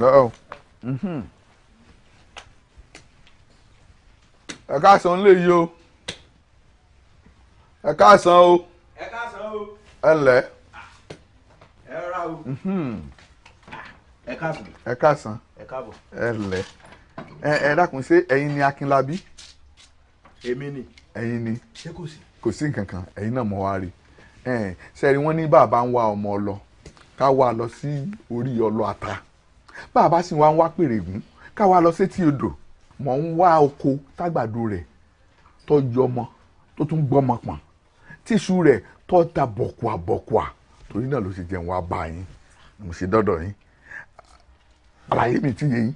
lọ́ọ̀ mm-hmm. ẹ káàsán lè yí o ẹ káàsán o ẹ káàsán o ẹ ǹlẹ́ ẹ rà o mm-hmm. ẹ káàsán ẹ káàsán ẹ káàbọ̀ ẹ ǹlẹ́ ẹ ẹ dákun ṣé ẹ̀yin ni Akínlábí èmi ni ẹ̀yin ni ṣé kò sí kò sí nǹkan kan ẹ̀yin náà mọ̀ wá rí ṣe rí wọ́n ní bàbá ń wá ọmọ lọ ká wá lọ sí orí ọlọ ata bá a bá sì wá ń wá pèrègùn káwa lọ sétí odò mọ̀ ń wá oko tágbàdo rẹ̀ tó yọmọ tó tún gbọ́mọ pọ̀n tíṣu rẹ̀ tó ta bọ̀kùà bọ̀kùà torí náà ló ṣe jẹun wá bá yín mo ṣe dọ́dọ̀ yín àlàyé mi ti yé yín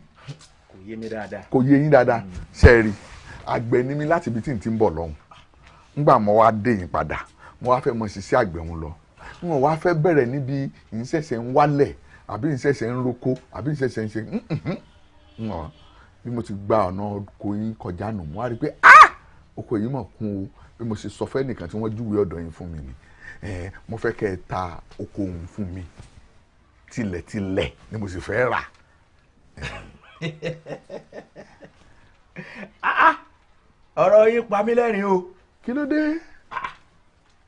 kò yé mi dáadáa kò yé yín dáadáa ṣe rí àgbẹ̀ ni mi láti ibi tí n ti ń bọ̀ lọ́hùn ngbà mo wá dé yín padà mo wá fẹ́ mọ ṣiṣẹ́ àgbẹ̀ òun lọ mo wá fẹ́ bẹ̀rẹ̀ níbi ìṣẹ̀ṣẹ̀ ń wálẹ̀ àbí ìṣẹ̀ṣẹ̀ ń roko àbí ìṣẹ̀ṣẹ̀ ń ṣe ǹhún bí mo ti gba ọ̀nà oko yín kọjá nù mo wá rí pé ah oko yìí mọ̀ kún o bí mo ṣe sọ fẹ́ nìkan tí wọ́n júwe ọ̀dọ̀ yín fún mi ni mo fẹ́ kẹ́ ẹ ta oko òun fún mi tilẹ̀tilẹ̀ ni mo sì fẹ́ rà. Ah, ah! ọ̀rọ̀ yín pa mí lẹ́rìn o. kí ló dé. Ah,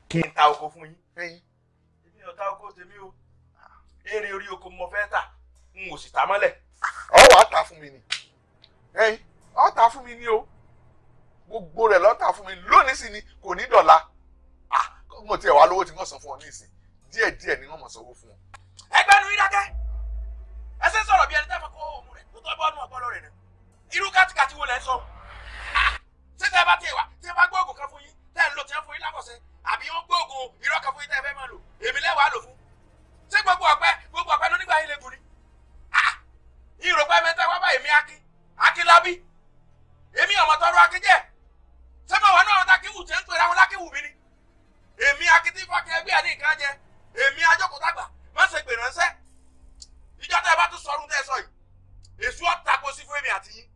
kí n ta oko fún yín. èmi ò ta oko tèmi o eré orí oko mo fẹ́ tà n ò sì ta mọ́lẹ̀. ọ wàá fún mi ni ẹyin fún mi ni o gbogbo rẹ̀ lọ ta fún mi lónìí sí ni kò ní dọ̀la mo tiẹ̀ wá lówó tí wọ́n san fún ọ ní ìsìn díẹ̀ díẹ̀ ni wọ́n mọ̀ sanwó fún ọ. ẹgbẹ́ nu yín dákẹ́ ẹ ṣe ń sọ̀rọ̀ bí ẹni tẹ́ fẹ́ kó òun rẹ̀ tó tọ́ bọ́ọ̀nù ọpọlọ rẹ̀ náà irú kàtìkàtì wo lẹ ń sọ ṣé tẹ́ bá tiẹ̀ wá tẹ́ bá gbóògùn kan fún yín tẹ́ ń lò tí wọ́n fún yín lákọ̀ọ́sẹ́ àbí wọ́n gbóògùn irọ́ kan fún yín tẹ́ fẹ́ máa lò èmi lẹ́wàá lò fún ṣé gbogbo ọ̀pẹ gbogbo ọ̀pẹ ló nígbà yín lè gùn ni yín rò pé mẹ́ta wá báyìí mi akin akin lábí èmi ọmọ tọrọ akin jẹ ṣé mo wà náà lákìwù ṣe ń pera wọn lákìwù mi ni èmi akin tí fàkẹ́ ẹgbẹ́ àní nǹkan jẹ èmi ajókòtàgbà má ṣe gbè ránṣẹ́ ìjọ tẹ bá tún sọrun tẹ sọ yìí èṣù ọ̀tá kò sí fún èmi àti yín.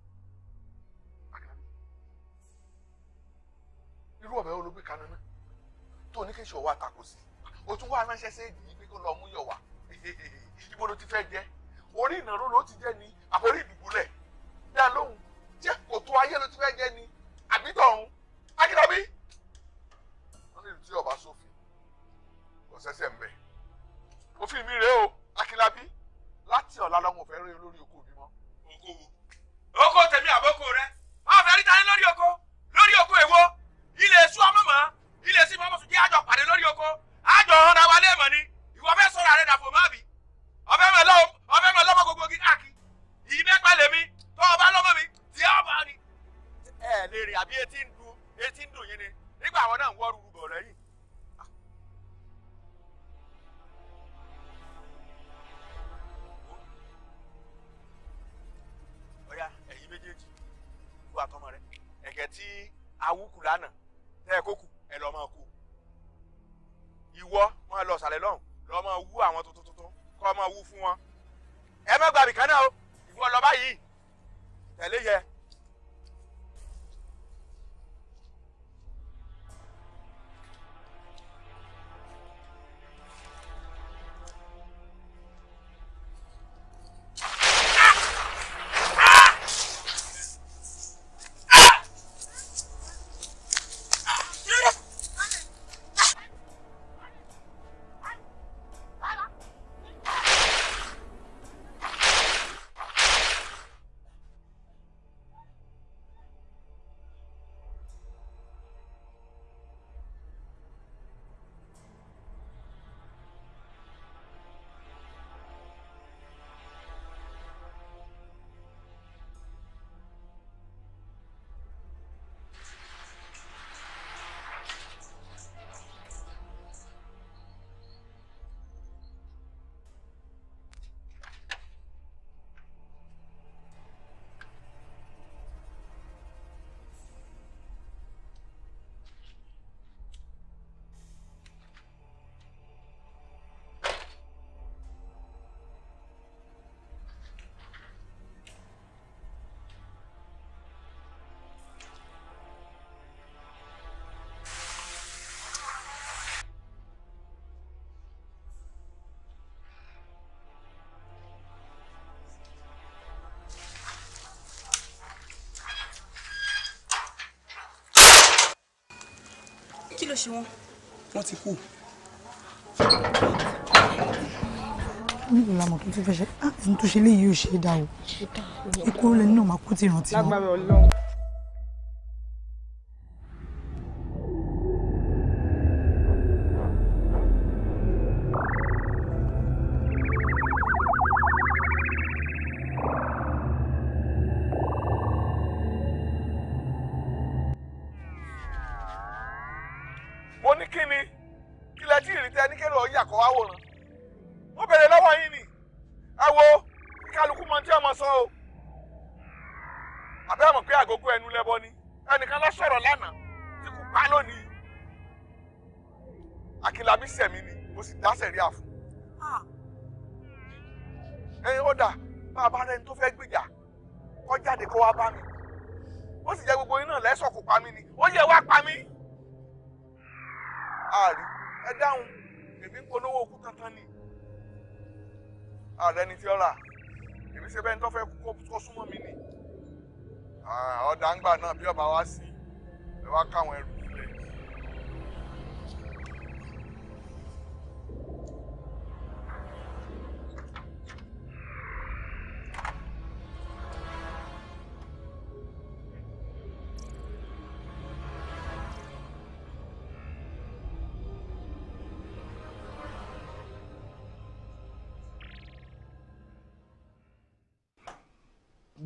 irú ọ̀bẹ olùgbé kanáná tó ní kí n ṣe ọwọ́ àtakò sí i o tún wá ránṣẹ́ sẹ́ẹ̀dì yìí pé kó lọ mú yọ̀ wá ibo ló ti fẹ́ jẹ́ orí ìnáró ló ti jẹ́ ni àbórí ìdùbúlẹ̀ dá lóhùn jẹ́ kòtò ayé ló ti fẹ́ jẹ́ ni ló ṣe wọn. wọ́n ti kú. níbi ìlànà tó tún fẹ́ ṣe ah ẹni tó léyìí ò ṣe é dá o ikú lẹ́nu náà máa kú ti ìrántí wọn. lágbára Ọlọ́run. ààrẹ ni tí ó rà èmi ṣe bẹ́ẹ̀ ń tọ́fẹ́ kó súnmọ́ mi ni ọ̀dà ń gbà náà bí ọba wá sí ẹ wá káwọn ẹrù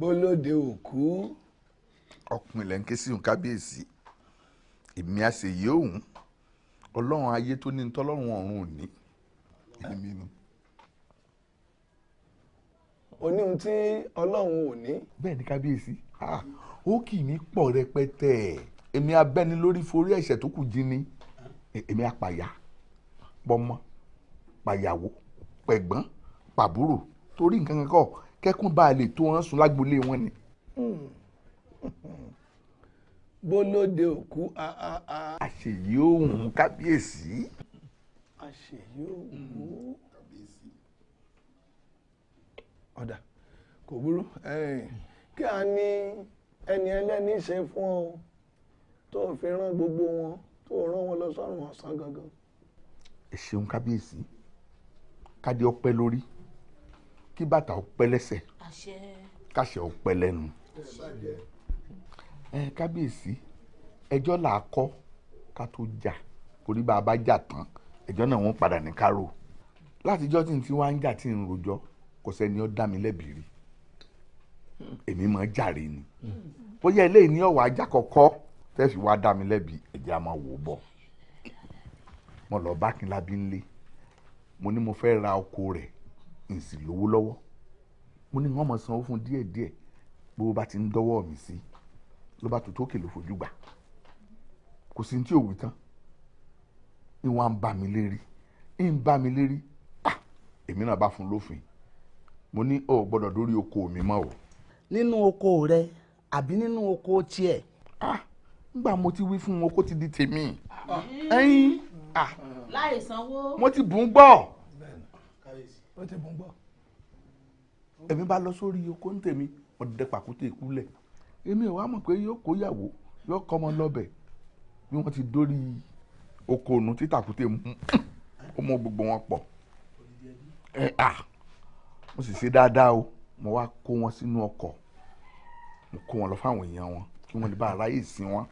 bólóde òkú. ọ̀pìnlẹ̀ ń ké sí òun kábíyèsí èmi àṣeyé òun ọlọ́run ayé tó ní tọ́lọ́run ọ̀run òní èmi nu. oní ohun tí ọlọ́run ò ní. bẹ́ẹ̀ ni kábíyèsí ó kì í ní pọ̀ rẹpẹtẹ èmi abẹ́ni lórí forí ẹ̀ṣẹ̀ tó kù jí ni èmi apàyà pọmọ pàyàwó pẹ̀gbọ́n pàbúrò torí nǹkan kan kọ́ kẹ́kùn bá a lè tó wọn sùn lágbolé wọn ni. bólóde òkú àṣèyí òun kábíyèsí. àṣèyí òun kábíyèsí. ọ̀dà kò burú kí a ní ẹni ẹlẹ́ni ṣe fún ọ tó fi rán gbogbo wọn tó rán wọn lọ sọ́run ọ̀sán gangan. ẹ ṣeun kábíyèsí káde ọpẹ́ lórí kí bàtà ó pẹ́ lẹ́sẹ̀ káṣẹ ó pẹ́ lẹ́nu ẹ kábíyèsí ẹjọ́ là á kọ́ ká tó jà torí bá a bá jà tán ẹjọ́ náà wọ́n padà ní kárò látijọ́ tí n ti wá ń jà tí n rojọ́ kò sẹ́ni ó dá mi lẹ́bi rí èmi máa jàre ni bóyá eléyìí ní ọ̀wọ́ ajá kọ̀ọ̀kọ́ tẹ́ wá dá mi lẹ́bi ẹ̀jẹ̀ a máa wò bọ̀ mo lọ bá kínlábí ńlé mo ní mo fẹ́ ra oko rẹ̀ n sì lówó lọ́wọ́ mo ní wọ́n mọ̀ sanwó fún díẹ̀ díẹ̀ bó bá ti ń dọ́wọ́ mi sí ló bá tó tókè ló fojú gbà kò sí tí òwe tán ìwọ̀n à ń bà mí lérí ń bà mí lérí èmi náà bá fún lófin mo ní ọ gbọ́dọ̀ dórí oko mi mọ́ o. nínú oko rẹ àbí nínú oko tiẹ̀. ah ngbà mo ti wí fún wọn kó ti di tèmi. ah láì sanwó. mo ti bùn gbọ́ ó ti mú gbọ́. èmi bá lọ sórí oko ń tèmi ọ̀dẹ pàkúté ìkúlẹ̀ èmi ò wá mọ̀ pé yóò kóyàwó yóò kọ́mọ lọ́bẹ̀ bí wọ́n ti dórí oko ònú tí tàkúté mú ó mú gbogbo wọn pọ̀ ẹ à mo sì ṣe dáadáa o mo wá kó wọn sínú ọkọ̀ mo kó wọn lọ fáwọn èèyàn wọn kí wọ́n lè bá aráyè sin wọn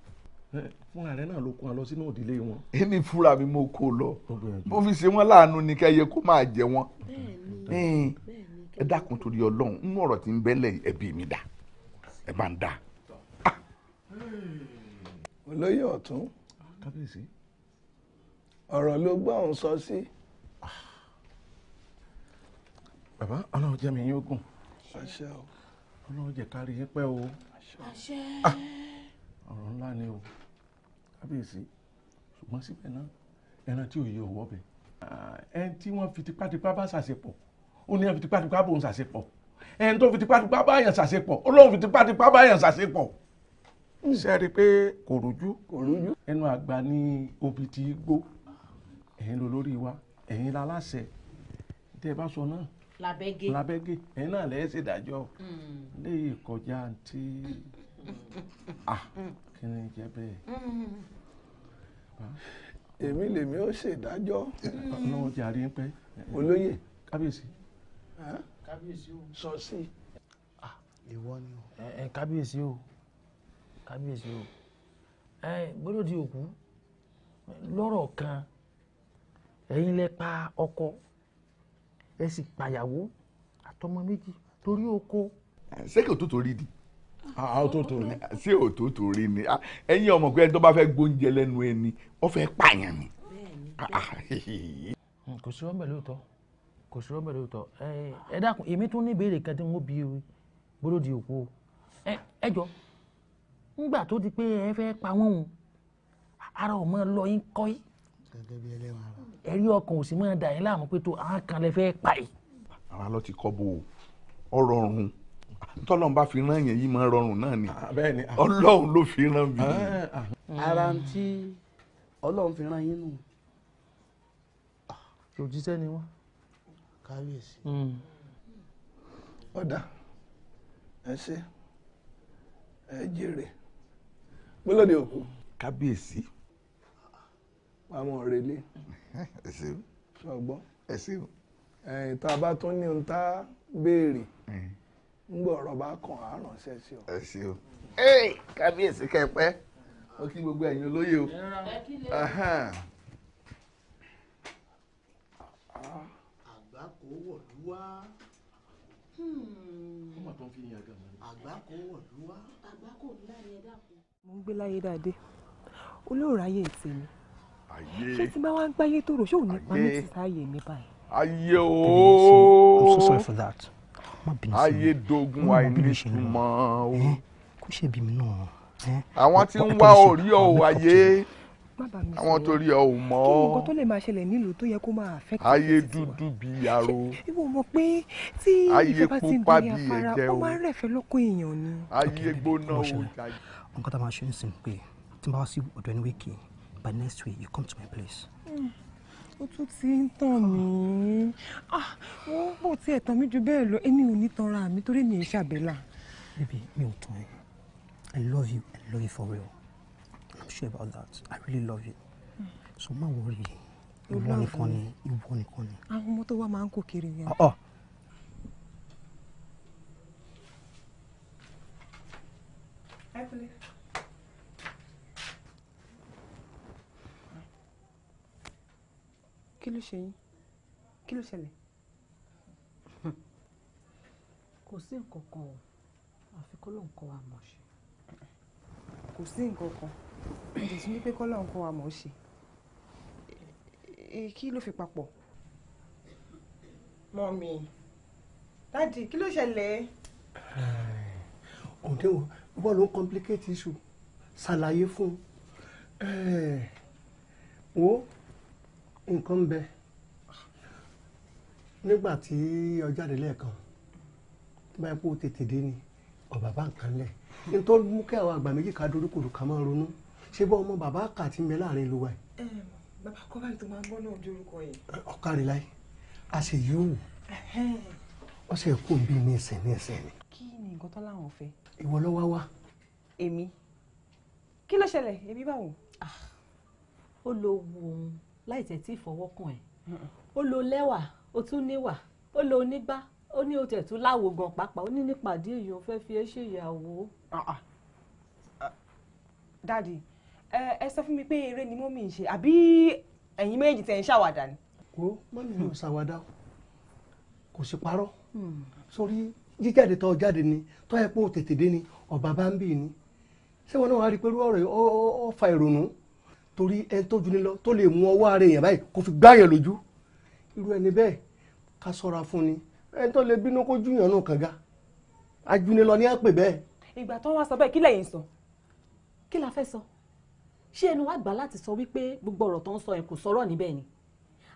fúnra rẹ náà ló kó wọn lọ sínú òdìlé wọn. èmi fúnra mi mo kó lọ mo fi ṣe wọn láàánú ni kẹyẹ kó máa jẹ wọn ẹ dákun torí Ọlọ́run nínú ọ̀rọ̀ tí ń bẹlẹ ẹbí mi dá ẹ bá ń dá. Ah. olóyè ọ̀tún ọ̀rọ̀ ló gbọ́ òun sọ sí. bàbá ọlọ́run jẹ́ mi yín ogun ọlọ́run jẹ́ kárí yín pẹ́ o ah. ọ̀rọ̀ ńlá ni o kábíyèsí ṣùgbọ́n síbẹ̀ náà ẹran tí ò yẹ òwò ọbẹ̀ ẹni tí wọ́n fi tipátipá bá ṣàṣepọ̀ ó ní ẹni fi tipátipá bòun ṣàṣepọ̀ ẹni tó fi tipátipá bá yàn ṣàṣepọ̀ ó lóun fi tipátipá bá yàn ṣàṣepọ̀ ṣe rí i pé kò rújú kò rújú ẹnu àgbà ní obì ti gbó ẹ̀yin lolórí wa ẹ̀yin láláṣẹ tẹ́ ẹ bá sọ náà labẹ́gẹ́ labẹ́gẹ́ ẹ̀yin náà lẹ́yìn ṣèdájọ́ hmm. lè kọjá àǹtí. kí ni hmm. hmm. jẹ́ bẹ́ẹ̀ èmi lèmi ó ṣèdájọ́ ọlọ́run ti àrí ń pẹ́ olóyè kábíyèsí kábíyèsí o sọ sí ah, ìwọ ni o ẹ kábíyèsí o kábíyèsí o ẹ gbọ́dọ̀ di òkú lọ́rọ̀ kan ẹ̀yin lẹ pa ọkọ ẹ sì pàyàwó àtọmọ méjì torí oko. ṣé kò tó torí di. Ah, ah, òtútù ni. sí òtútù rí ni ah, ẹ̀yin ọmọ pé ẹni tó bá fẹ́ gbóúnjẹ lẹ́nu ẹni ó fẹ́ pààyàn ni. Hmm, kò sí rọ́ọ̀bẹ̀ lóòótọ́ kò sí rọ́ọ̀bẹ̀ lóòótọ́ ẹ dákun èmi tún ní ìbéèrè kan tí wọ́n bí gbọ́dọ̀ di òkú ẹ jọ nígbà tó di pé ẹ fẹ́ pa wọ́n o ara ò mọ lọ yín kọ́ yìí ẹ̀rí ọkàn ò sì mọ̀ dà yín láàmú pé tó àwọn kan lè fẹ́ pa yìí. àwa ló ti kọ́ bó o ọ̀rọ̀ ọ̀run tọ́lọ́n bá fi rán yẹn yìí máa rọrùn náà ni ah, ah. ọlọ́run ló fi rán bí. Ah, ara ń tí ọlọ́run fi rán yín nù. òjíṣẹ́ ni wọ́n. kábíyèsí. Hmm. ọ̀dà ẹ ṣe ẹ jèrè gbọ́lódé òkú. kábíyèsí. pamọ́ relé. ẹ ṣe o. ẹ ṣe ẹ̀yìn tá a bá tún ní ohun tá béèrè. Hmm ń gbọ́ bá kàn á ránṣẹ́ sí ọ. ẹ ṣe o kábíyèsí kẹpẹ mo kí gbogbo ẹ̀yin olóyè o. àgbákò wọ̀lú wá. Hmm. ọmọ tó ń wá. àgbákò ńlá ni ẹ dákun. mo ń gbé láyé dáadé olóòrò ayé tèmi ṣé tí bá wá ń gbáyé tó ṣé ò ní pa mí ti sáàyè mi báyìí. ayé ooo. I'm so sorry for that ayédogun àìnítumọ̀ o. kò ṣe bí mi náà. àwọn tí ń wá orí ọ̀ wáyé àwọn tó rí ọ ò mọ ọ nǹkan tó lè máa ṣẹlẹ̀ nílùú tó yẹ kó máa fẹ́ kí ayé dúdú bí yàrá ìwọ mọ̀ pé tí ìjọba ti ń gbé afárá ó máa ń rẹ̀fẹ̀ lọ́kọ̀ èèyàn ni. ayé gbóná o jàjẹ́. nǹkan tá a máa ṣe ń sìn pé tí n bá wá sí ọ̀dọ̀ ẹni wíkì by next week you come to my place. Mm ó tún ti ń tàn mí ah, wọ́n pọ̀ tí ẹ̀ tàn mí ju bẹ́ẹ̀ lọ èmi ò ní tanra mi torí mi ì ṣàbẹ̀là. baby mi ò tán ẹ i love you i love you for real i'm sure about that i really love you so má worry ìwọ nìkan ni ìwọ nìkan ni. àwọn ọmọ tó wá máa ń kó kiri yẹn. ẹ kúlẹ̀. kí ló ṣe yín kí ló ṣẹlẹ̀. kò sí nǹkan kan o àfi kó lóun kọ́ wa mọ̀ ṣe. kò sí nǹkan kan ìdìtún ní pé kọ́ lóun kọ́ wa mọ̀ ṣe kí ló fi papọ̀. mọ́mí dáàdì kí ló ṣẹlẹ̀. òǹdè wo bọ́ọ̀lù ń complicate issue ṣàlàyé fún un wo nǹkan ń bẹ nígbà tí ó jáde lẹ́ẹ̀kan tó bá yẹ kó tètè dé ni ọ̀bà bá nǹkan lẹ̀ ní tó mú kí àwọn àgbà méjì ká dorí kòdù ká máa ronú ṣé bọ́ ọmọ bàbá kà ti ń láàrin ìlú wa yìí. bàbá kọ́ báyìí tó máa ń gbọ́ náà bí orúkọ yìí. ọ̀kárí láyé a sì yóò wù wọ́n sì kó bí ní ẹsẹ̀ ní ẹsẹ̀ ni. kí ni nǹkan tó láwọn fẹ́. ìwọ ló wá wá. èmi kí ló ṣẹlẹ̀ èmi báwo. Ah, ó lo owó òun láì tẹ̀ tí fọwọ́ kàn ẹ̀ ó lo lẹ́wà ó tún níwà ó lo onígbá ó ní oṣù tún láwo gan pàápàá ó ní nípàdé èèyàn fẹ́ fi ẹ́ ṣèyàwó. Ah, dáàdi ẹ sọ fún mi pé eré ni mọ́mí ń ṣe àbí ẹ̀yin méjì tẹ̀ ń ṣàwàdà ni. kò mọ́mí mi ò ṣàwàdà kò sì parọ́ hmm. sórí jíjáde tó jáde ni tó yẹ pé ó tètè dé ni ọ̀bà bá ń bì ni ṣé wọn náà wá rí i pé irú fa ìrònú torí ẹni tó ju ni lọ tó lè mú ọwọ́ ara èèyàn báyìí kó fi gbáyàn lójú irú ẹni bẹ́ẹ̀ ká sọ́ra fún ni ẹni tó lè bínú kó júyàn náà kànga ajúnilọ ní àpè bẹ́ẹ̀. ìgbà tó ń wá sọ bẹ́ẹ̀ kí lẹ́yìn sọ kí la fẹ́ sọ ṣé ẹnu wa gbà láti sọ wípé gbogbo ọ̀rọ̀ tó ń sọ yẹn kò sọ̀rọ̀ níbẹ̀ ni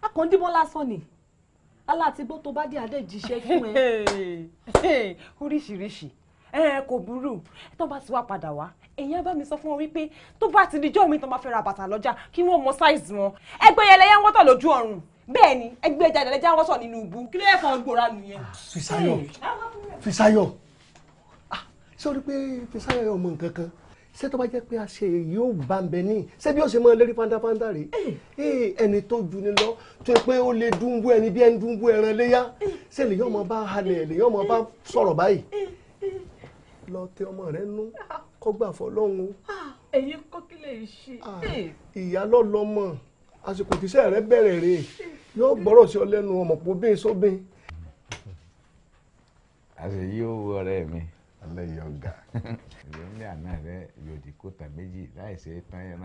akọ̀ndínmọ́ lásán ni aláàtìgbó tó bá dé adé jíṣẹ́ fún ẹ. oríṣiríṣi ẹ kò burú tó bá ti wá padà wá èyí á bá mi sọ fún wọn wípé tó bá ti di jọ́ mi tó máa fẹ́ ra bàtà lọ́jà kí wọ́n mọ size wọn ẹgbẹ́ yẹn lẹ́yìn wọ́tọ̀ lójú ọ̀run bẹ́ẹ̀ ni ẹgbẹ́ ẹja ìdàlẹ́jà wọ́tọ̀ nínú ìbú kí ló yẹ kàn gbòòrà nìyẹn. Fisáyọ̀ Fisáyọ̀ ṣé o rí pé Fisáyọ̀ ọmọ nǹkan kan ṣé tó bá jẹ́ pé a ṣe èyí ò bá ń bẹ ní ṣé bí ó ṣe máa lérí pátápátá rè é ẹni tó ju ni lọ tó pé ó lè dúnbú ẹni bí ẹni dúnbú ẹran léyà ṣé lèyàn máa bá halẹ̀ lèyàn máa bá sọ̀rọ̀ báyìí lọ tẹ ọmọ rẹ nú kọ́ gbà fọlọ́run o. ẹ̀yin kọ́ kí lè ṣe. ìyá lọ́lọ́mọ àsìkò tíṣẹ́ rẹ bẹ̀rẹ̀ rè yóò gbọ́rọ̀ sí ọ lẹ́nu ọmọ pọ̀ bẹ́ẹ̀ sóbìn. àṣeyí ó wọ ọ̀rẹ́ mi alẹ́ yọ ga. ìwé ní àná rẹ yóò di kóta méjì láì tán yẹn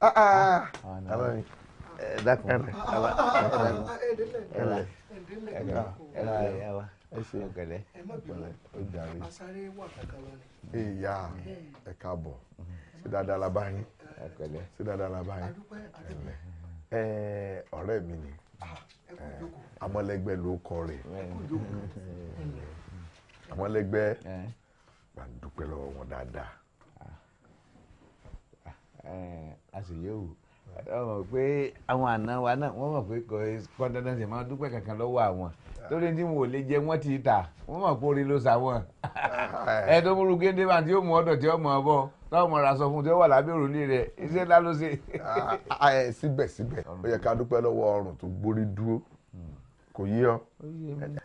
ah, ah, ah. náà. ẹ dákun ẹ dákun ẹ dákun ẹ dákun ẹ dákun ẹ ẹ ṣe ọ̀gẹ̀dẹ̀ ọ̀gẹ̀dẹ̀ ó jàre. ni. ìyá ẹ káàbọ̀ ṣé dáadáa la bá yín ṣé dáadáa la bá yín ọ̀rẹ́ mi ni ah, amọ̀lẹ́gbẹ́ ló kọ rẹ̀ amọ̀lẹ́gbẹ́ bá ń dúpẹ́ lọ́wọ́ wọn dáadáa. Ah, ah, eh, a sì yẹ o wọ́n mọ̀ pé àwọn àna wa náà wọ́n mọ̀ pé kọ́ńtẹ́nẹ́sì máa dúpẹ́ kankan lọ́wọ́ àwọn torí tí wọn ò lè jẹ wọn ti ta wọn mọ̀ pé orí ló sa wọn ẹ tó múru géńdé bá tí ó mú ọdọ tí ó mọ ọbọ táwọn ọmọ rà sọ fún tí ó wà lábẹ́ òrùlé rẹ iṣẹ́ ńlá ló ṣe. síbẹ̀síbẹ̀ ó yẹ ká dúpẹ́ lọ́wọ́ ọrùn tó gbórí dúró kò yí ọ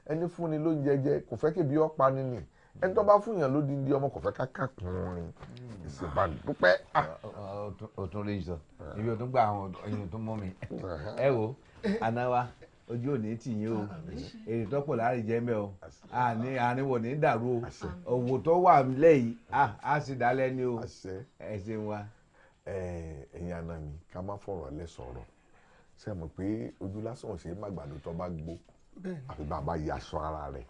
ẹni fúnni ló ń jẹjẹ kò fẹ́ kébi ọ pa nínú ẹni tó bá fún yàn ló di di ọmọ kò fẹ́ ká kàkùn rin ìsìnbalẹ̀ dúpẹ́. o tún sọ ibi o tún àwọn ẹyin tó mọ mi ẹ wo àná ojú ò ní tì yín o èrè tọ́pọ̀ láàrin jẹ́ mẹ́ o àní àníwọ̀ ní dàrú o òwò tó wà lẹ́yìn á sì dálẹ́ ni o ẹ ṣe wa. ẹ̀yin àna mi ká má fọ̀rọ̀ lẹ sọ̀rọ̀ ṣe mọ̀ pé ojú lásán ò ṣe é màgbàdo tó bá gbó àfi bàbá yà aṣọ ara rẹ̀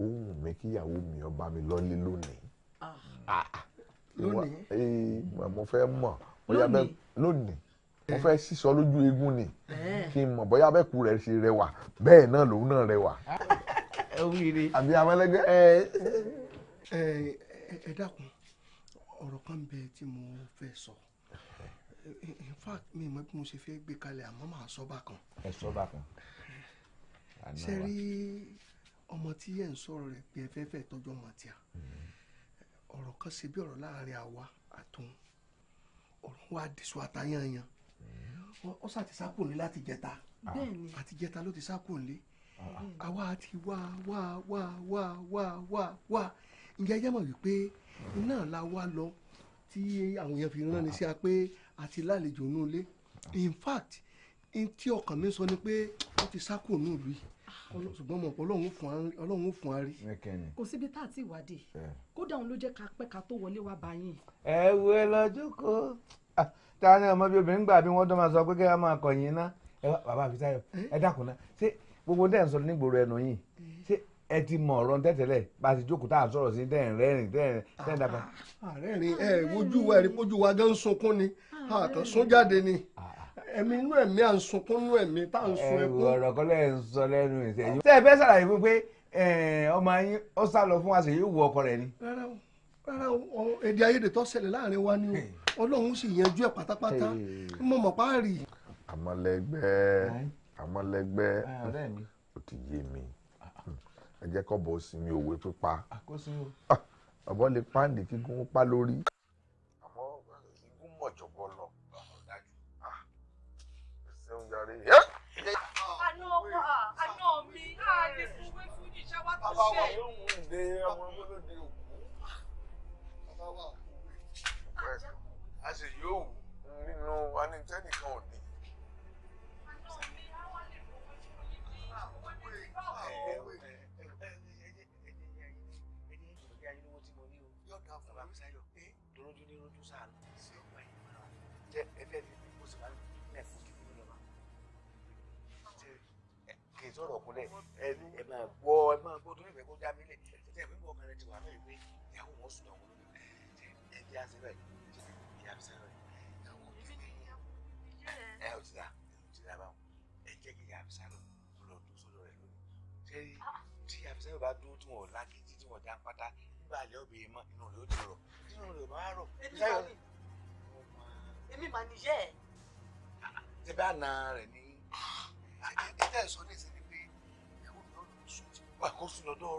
ohun mi kíyàwó mi ó bá mi lọ́lé lónìí ah. Ah, lónìí eh, mo fẹ́ mọ̀ lónìí mo fẹ́ sísọ lójú eégún ni kí n mọ̀ bóyá abẹ́kù rẹ̀ ṣe rẹwà bẹ́ẹ̀ náà lòun náà rẹwà. àbí amẹ́lẹ́gbẹ́. ẹ dákun ọ̀rọ̀ kan bẹ tí mo fẹ́ sọ in fact mi mọ̀ bí mo ṣe fẹ́ gbé kalẹ̀ àmọ́ màá sọ bákan. ẹ sọ bákan. ṣe rí ọmọ tí ẹ ń sọ̀rọ̀ rẹ̀ pé ẹ fẹ́ fẹ́ tọ́jú ọmọ tíya hmm. ọ̀rọ̀ kan ṣe bí ọ̀rọ̀ láàrin àwa àtòun ọ̀rọ̀ wa dìṣọ àtàyànyàn ó sà ti sákò nílé láti jẹta àti jẹta ló ti sákò nílé àwa ah, ah. ti wá wá wá wá wá wá wá ǹjẹ́ ẹjẹ́ mọ̀ wípé iná la wá lọ tí àwọn èèyàn fi rán ni sí a pé àti lálejò inú ilé in fact in tí ọkàn mi sọ ni pé ó ti sákò inú ìlú yìí ṣùgbọ́n mo pọ̀ ọlọ́run ó fún wa rí. kò síbi tá a ti wádìí kódà òun ló jẹ́ ká pẹ́ ká tó wọlé wá báyìí. ẹ wo ẹ lọ jókòó Ah, tá a ní ọmọ bí obìnrin gbà bí wọ́n tó máa sọ pé kí wọ́n máa kọ̀yìn ná ẹ bàbá àfi táyọ̀ ẹ dákun ná ṣé gbogbo dẹ́n sọ nígboro ẹnu yìí ṣé ẹ ti mọ̀ ọ̀rọ̀ tẹ́tẹ̀lẹ̀ bá a ti jókòó tá a sọ̀rọ̀ sí dẹ́n rẹ́rìn dẹ́n dàgbà. àrẹ́rìn ẹ wojú wa rí wojú wa gan sunkún ni àkàn sún jáde ni ah, ah. ẹ̀mí inú ẹ̀mí à ń sunkún inú ẹ̀mí tá à ń sun ẹkún. ọ̀rọ̀ kọ́lẹ̀ ń sọ lẹ́nu ìṣẹ́yìn. tẹ́ fẹ́ ni. rárá o rárá o èdè ayédè tó ṣẹlẹ̀ ọlọ́run sì yanjú ẹ̀ pátápátá mo mọ̀ pa á rí. àmọ́lẹ́gbẹ́ àmọ́lẹ́gbẹ́ ó ti yé mi ẹ jẹ́ kọ́ bọ́ sinmi òwe pípa ọ̀bọ lè páàdì kíkún pa lórí. àmọ́ igun mọ̀jọ̀bọ lọ ọ̀rọ̀ ń yarí. àná wà àná mi káàdì fún wẹ́fún yìí tó ṣe. bàbá wa yóò mú un dé ọmọ ọmọdé òkú. bàbá wa a sì yóò wù nínú anìtẹ́nìkan ò ní. lójú ní lójú ẹ máa gbọ́ ẹ máa gbọ́ tó ìfẹ́ kó já mílẹ̀ ẹ tẹ́ ẹ fẹ́ bọ́ ọkàn rẹ wà fẹ́ pé ìyàwó wọn sùn náà wọ́n ẹ jẹ́ ẹ jẹ́ àṣẹ báyìí sẹ́rọ̀ ìyàwó mi ni ẹ ò ti dá ẹ ò ti dá báwọn ẹ jẹ́ kí abisalo lọ tó sọ́dọ̀ rẹ̀ lónìí ṣé tí abisalo bá dúró tí wọn ò lágídí tí wọn já pátá òní tí tó bá sùn lọ́dọ̀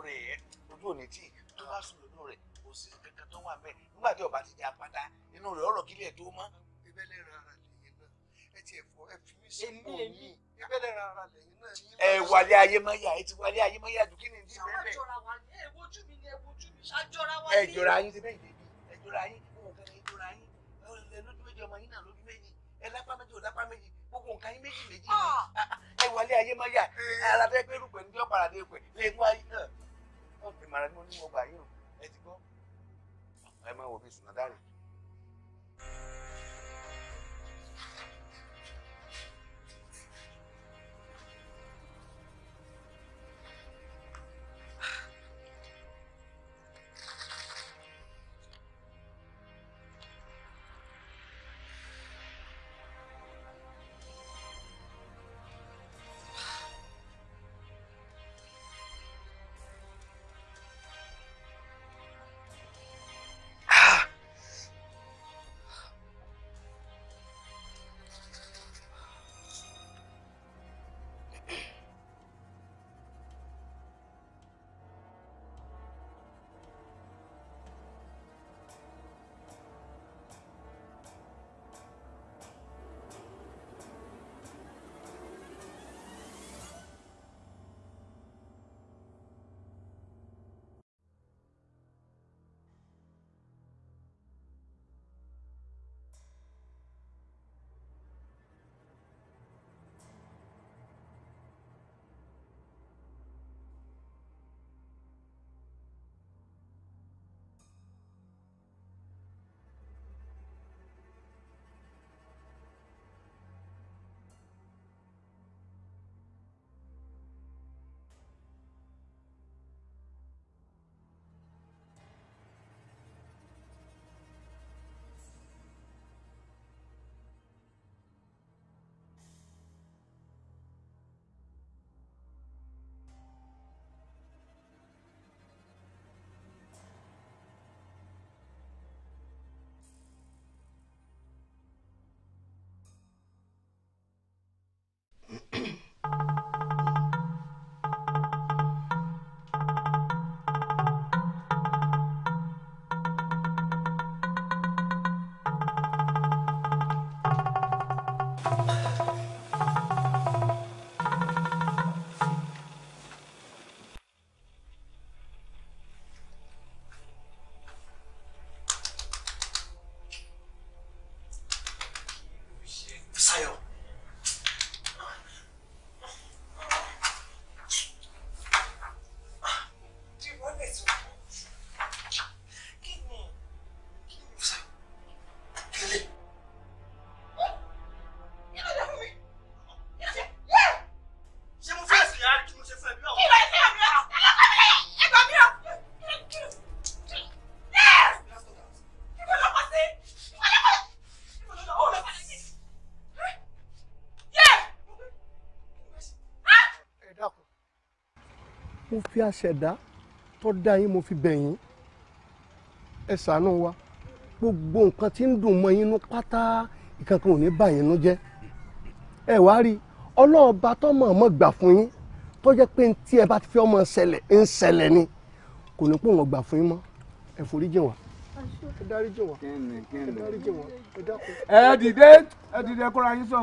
rẹ̀ kò sí kankan tó wà bẹ́ẹ̀ nígbà tí ọba ti di apáta inú rẹ̀ ọ̀rọ̀ kílẹ̀ tó mọ́. ìbẹ́lẹ̀ ra ara lẹ́yìn náà ẹ ti ẹ̀fọ́ ẹ fi mí sí kò ní ìbẹ́lẹ̀ ra ara lẹ́yìn náà. ẹ wàlé ayé ẹ ti wàlé ayé mọ́ yà ni ní ìbẹ́lẹ̀. bẹ́ẹ̀ ẹ jọra yín nǹkan ẹ jọra yín gbogbo nǹkan yín méjì méjì ah! Ah, ah, ẹ wàlé ayé mọ́ yà ara tẹ́ pé rúpẹ̀ ní ọ̀páradé ayé náà ọ̀pẹ̀ màrà ni mo ní mo gbà yín o ẹ ti gbọ́ ẹ máa wo bí sùnà dànù. mo fi àṣẹ̀dá tó dá yín mo fi bẹ̀ yín ẹ ṣàánú wa gbogbo nǹkan tí ń dùn mọ́ yín nú pátá ìkankan ò ní bà yín nú jẹ́ ẹ wá rí ọlọ́ọ̀ba tó mọ̀ ọmọ gbà fún yín tó jẹ́ pé tí ẹ bá ti fi ọmọ ṣẹlẹ̀ ń ṣẹlẹ̀ ni kò ní pò wọ́n gbà fún yín mọ́ ẹ forí jìn wá ẹ dárí jìn wá ẹ dárí jìn wá ẹ dákun. ẹ dìde ẹ dìde kóra yín sọ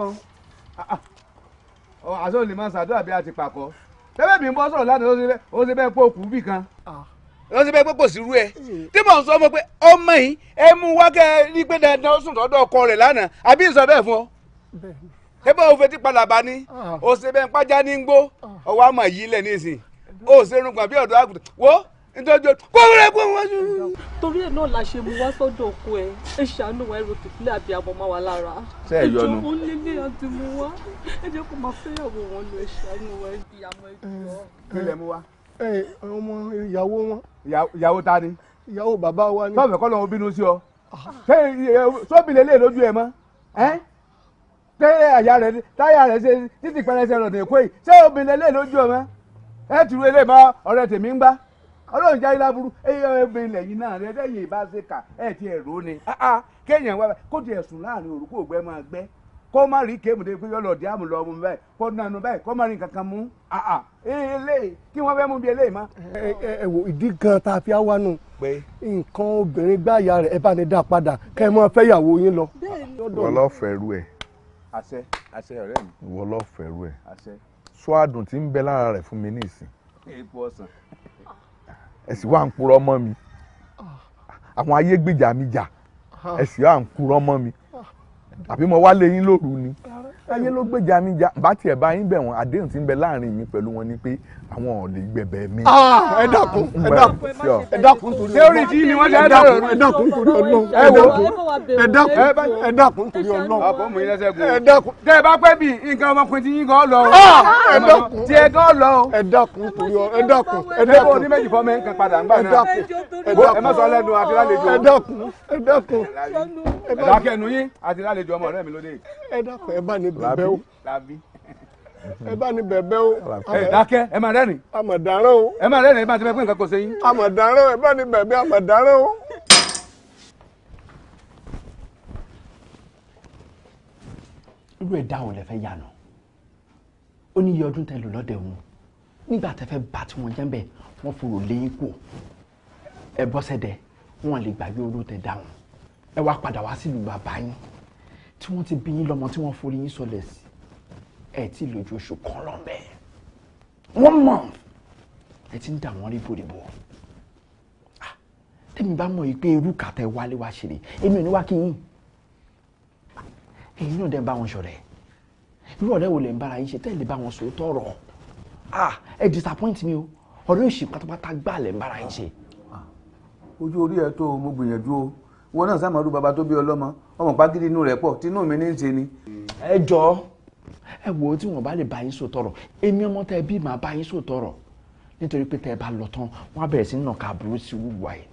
ah, ah. ọ àṣọ ò ní máa ṣàdúrà bí a ti pàkọ́. tẹ́lẹ̀ mi ń bọ́ sọ̀rọ̀ lánàá ó ṣe bẹ́ẹ̀ ah. pé òkú bì kan lọ sí bẹ sí irú ẹ hmm. tí mò ń sọ pé ọmọ yìí ẹ mú wá kẹ ẹ rí pé dandan sùn ọkọ rẹ lánàá àbí bẹ́ẹ̀ fún ọ. ẹ òfin ti padà bá ní òsè ah. bẹ́ẹ̀ pàjá ní gbó ah. ọwọ́ àmọ̀ yìí lẹ̀ ní ìsìn ìtọ́jú kó rẹ̀ kó wọ́n ṣe. torí ẹ̀ náà la ṣe mú wá sọ́dọ̀ òkú ẹ̀ ẹ ṣàánú wa ẹrù tìpínlẹ̀ àbí àmọ́ máa wà lára. ṣe é yọnu ìjọ òun lélẹ̀ àti mú wá ẹ jẹ́ kó máa fẹ́yàwó wọn lọ ẹ ṣàánú wa ẹbí àmọ́ ìjọ. Mm. kílẹ̀ mú wa. ẹ ọmọ ìyàwó wọn. ìyàwó ta ni. ìyàwó bàbá wa ni. sọ́ọ̀fẹ̀ kọ́ lọ́wọ́ bínú sí ọ. Ah. sóbìlẹ̀ lè lójú ẹ mọ́ tẹ́lẹ̀ àyà rẹ̀ táyà rẹ̀ ṣe títì pẹrẹsẹ rẹ̀ nìkó yìí ṣé obìnrin lè lójú ọmọ ẹ ọlọ́run jẹ́ iláburú ẹ̀yìn lẹ́yìn náà rẹ lẹ́yìn ìbáṣekà ẹ̀ ti ni ah, ah, kéèyàn wá kó láàrin máa gbẹ́ kó má rí kéèmùdé pé ọmọ mi báyìí kó báyìí kó má rí nǹkan kan mú eléyìí ah, kí wọ́n fẹ́ ẹ wo ìdí gan tá a fi á wá nù nǹkan obìnrin gbáàyà rẹ̀ ẹ bá ní dá padà kẹ́ ẹ yín lọ. àṣẹ àṣẹ mi. mi ní ẹ sì wá ń purọ́ mọ́ mi àwọn ayé gbèjà mi jà ẹ sì ń purọ́ mọ́ mi àbí mo wá lé yín lóru ni ayé ló gbèjà mi jà bá tiẹ̀ bá yín bẹ̀ wọ́n àdéhùn ti ń bẹ láàrin mi pẹ̀lú wọn ni pé àwọn ò lè gbẹ̀bẹ̀ mi. ẹ dákun ẹ dákun ẹ dákun torí ọlọ́run lórí tí ni wọ́n ṣe dáhùn ẹ dákun torí ọlọ́run ẹ wo ẹ dákun ẹ dákun torí ọlọ́run ẹ dákun. tẹ ẹ bá pẹ́ bí nǹkan ọmọkùnrin ti yín gan lọ o ẹ dákun tí gan lọ o ẹ dákun torí ọlọ́run ẹ dákun ẹ dákun. ebo onímẹ̀jì fọ́ mi nǹkan padà ń gbà náà ẹ dákun ẹ dákun ẹ dákun ẹ dákun ẹ̀dá kẹnu yín àti lálejò ọmọ ọ̀rẹ́ mi lóde. ẹ dákun ẹ bá ní bẹ̀bẹ̀ o ẹ bá ní bẹ̀bẹ̀ o. ẹ dákẹ́ ẹ máa rẹ́rìn. a máa dáràn o. ẹ máa rẹ́rìn ẹ máa ti fẹ́ pé nǹkan kò ṣe yín. a máa o ẹ bá ní bẹ̀bẹ̀ a máa dáràn o. irú ẹ̀dá wo lẹ fẹ́ yà nà ó ní iye ọdún tẹ lò lọ́dẹ̀ wọn nígbà tẹ fẹ́ bá tí wọ́n jẹ́ bẹ́ẹ̀ wọ́n forò léyìn kù ẹ bọ́sẹ̀ dẹ wọ́n lè gbàgbé orú tẹ dáhùn ẹ wá padà wá sílùú bàbá yín tí wọ́n ti bí yín lọ́mọ tí wọ́n forí yín sọlẹ̀ sí ẹ ti lójú oṣù kan lọ́nbẹ̀ one month ẹ ti ń dà wọ́n rí bòdìbò ah, tẹ́mi bá mọ̀ yìí pé irú kàtà ẹ wálé wá ṣeré èmi ò ní wá kí yín èyí náà dẹ̀ ń bá wọn ṣọ̀rẹ́ irú ọ̀rẹ́ wo lè ń bára yín ṣe tẹ́lẹ̀ bá wọn sòótọ́ ọ̀rọ̀ ah ẹ disappoint mi o ọ̀rẹ́ òṣì pátápátá gbà lè ń bára yín ṣe. Ah, ojú orí ẹ tó mo gbìyànjú o wọn náà sáà máa rú baba tó bí ọlọ́mọ ọmọ pàgídí inú rẹ̀ pọ̀ tínú mi ní í ṣe ni. ẹ jọ ẹ wo tí wọn bá lè bá yín sọ èmi ọmọ tẹ bí màá bá yín sọ nítorí pé tẹ bá lọ tán wọn á bẹ̀rẹ̀ sí nàka àbúrò sí wúwa yìí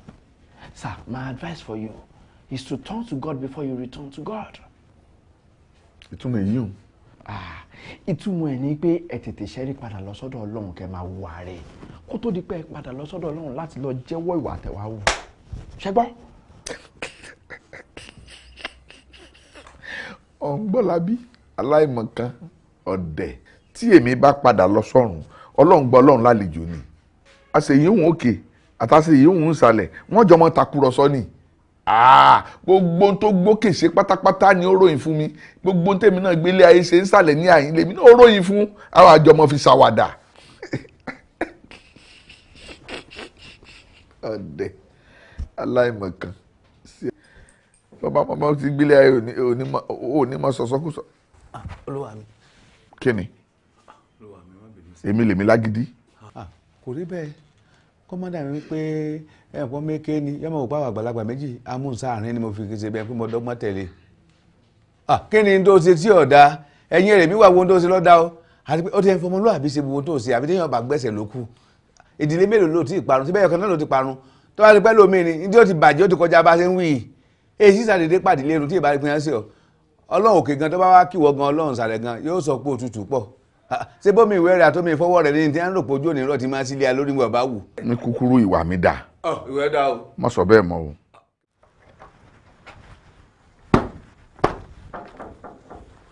sir my advice for you is to turn to God before you return to God. ìtumọ̀ èyí o. Ah, ìtumọ̀ ẹ̀ ni pé ẹ tètè ṣẹ́rí padà lọ sọ́dọ̀ Ọlọ́run kẹ́ máa wù ààrẹ kó tó di pé ẹ padà lọ sọ́dọ̀ Ọlọ́run láti lọ jẹ́wọ́ ìwà àtẹ̀wá wù ṣẹ́gbọ́n ọ̀ngbọ́lábí aláìmọ̀kan ọ̀dẹ̀ tí èmi bá padà lọ sọ́run ọlọ́run gba ọlọ́run lálejò ni àṣeyìn òun òkè àtàṣeyìn òun ìsàlẹ̀ wọ́n jọ mọ́ takùrọ̀sọ ni gbogbo tó gbókè ṣe pátápátá ni ó ròyìn fún mi gbogbo tèmi náà gbélé ayé ṣe ń sàlẹ̀ ní àyín lèmi náà ó ròyìn fún àwọn àjọmọ́ fi ṣàwàdà ọ̀dẹ̀ aláìmọ̀kan bàbá bàbá ti gbélé ayé onímọ̀ sọ̀sọ́kùsọ. Ah, olúwa mi. kí ni èmi lèmi lágídí. Ah, kò rí bẹ́ẹ̀ kọ́mọ́dà mi wípé ẹ̀kọ́ méke ni yọmọ òpá àgbàlagbà méjì amúnsáàrin ni mo fi ṣe bẹ́ẹ̀ pé mo dọ́gbọ́n tẹ̀lé. Ah, kí ni n tó ṣe tí ọ̀dà ẹ̀yin rẹ̀ mi wà wo n tó ṣe lọ́dà o àti pé ó ti ẹ̀ fọmọ lóàbí ṣe gbogbo tó ṣe àbí téèyàn bá gbẹ̀sẹ̀ ló kù ìdílé mélòó ló ti parun síbẹ̀ yọkan náà ló ti parun tó bá ti pẹ́ lómi ni ní tí ó ti bàjẹ́ ó ti kọjá bá ṣe ń wí yìí èyí sàdédé pàdé lérò tí ìbá rí pinnu sí ọ ọlọ́run òkè gan tó bá wá kíwọ gan ọlọ́run sàrẹ̀ gan yóò sọ pé òtútù pọ̀ ah, ṣé bómi ìwé rẹ̀ àtọ́mi ìfọwọ́ rẹ̀ ní ti ń rò pé ojú ònírọ̀ ti máa sílé a lórí bàbá wù. ní kúkúrú ìwà mi dà. ọ ìwé dà o. má sọ bẹ́ẹ̀ mọ́ o.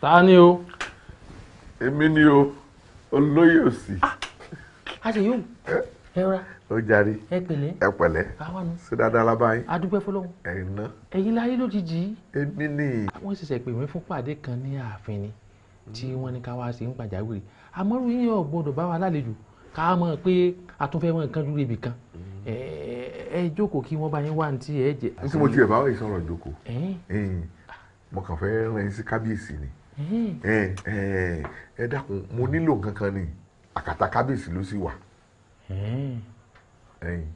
ta ni o. èmi ni o olóyè òsì. Ah, a ṣe yóò ẹ ra o jari ẹ pẹ̀lẹ́ ẹ pẹ̀lẹ́ ṣé dáadáa lábá yín adúpẹ́ fọlọ́hún ẹ̀yin náà ẹ̀yin láyé lójijì èmi ni. àwọn ìṣẹ̀ṣẹ̀ pè mí fún pàdé kan ní ààfin ni tí wọ́n ní ká wá sí ń pàjáwìrì àmọ́ yín ò gbọ́dọ̀ bá wa lálejò ká mọ̀ pé a tún fẹ́ mọ̀ nǹkan dúró ibì kan mm. ẹ jókòó kí wọ́n bá yín wá ntí ẹ jẹ. n tí mo tiẹ̀ bá wà ìsọ̀rọ̀ jókòó mo kàn fẹ́ rán yín sí kábíyèsí ni ẹ dákun mo nílò nǹkan kan ni àkàtà kábíyèsí ló sì wà. tẹ́yìn.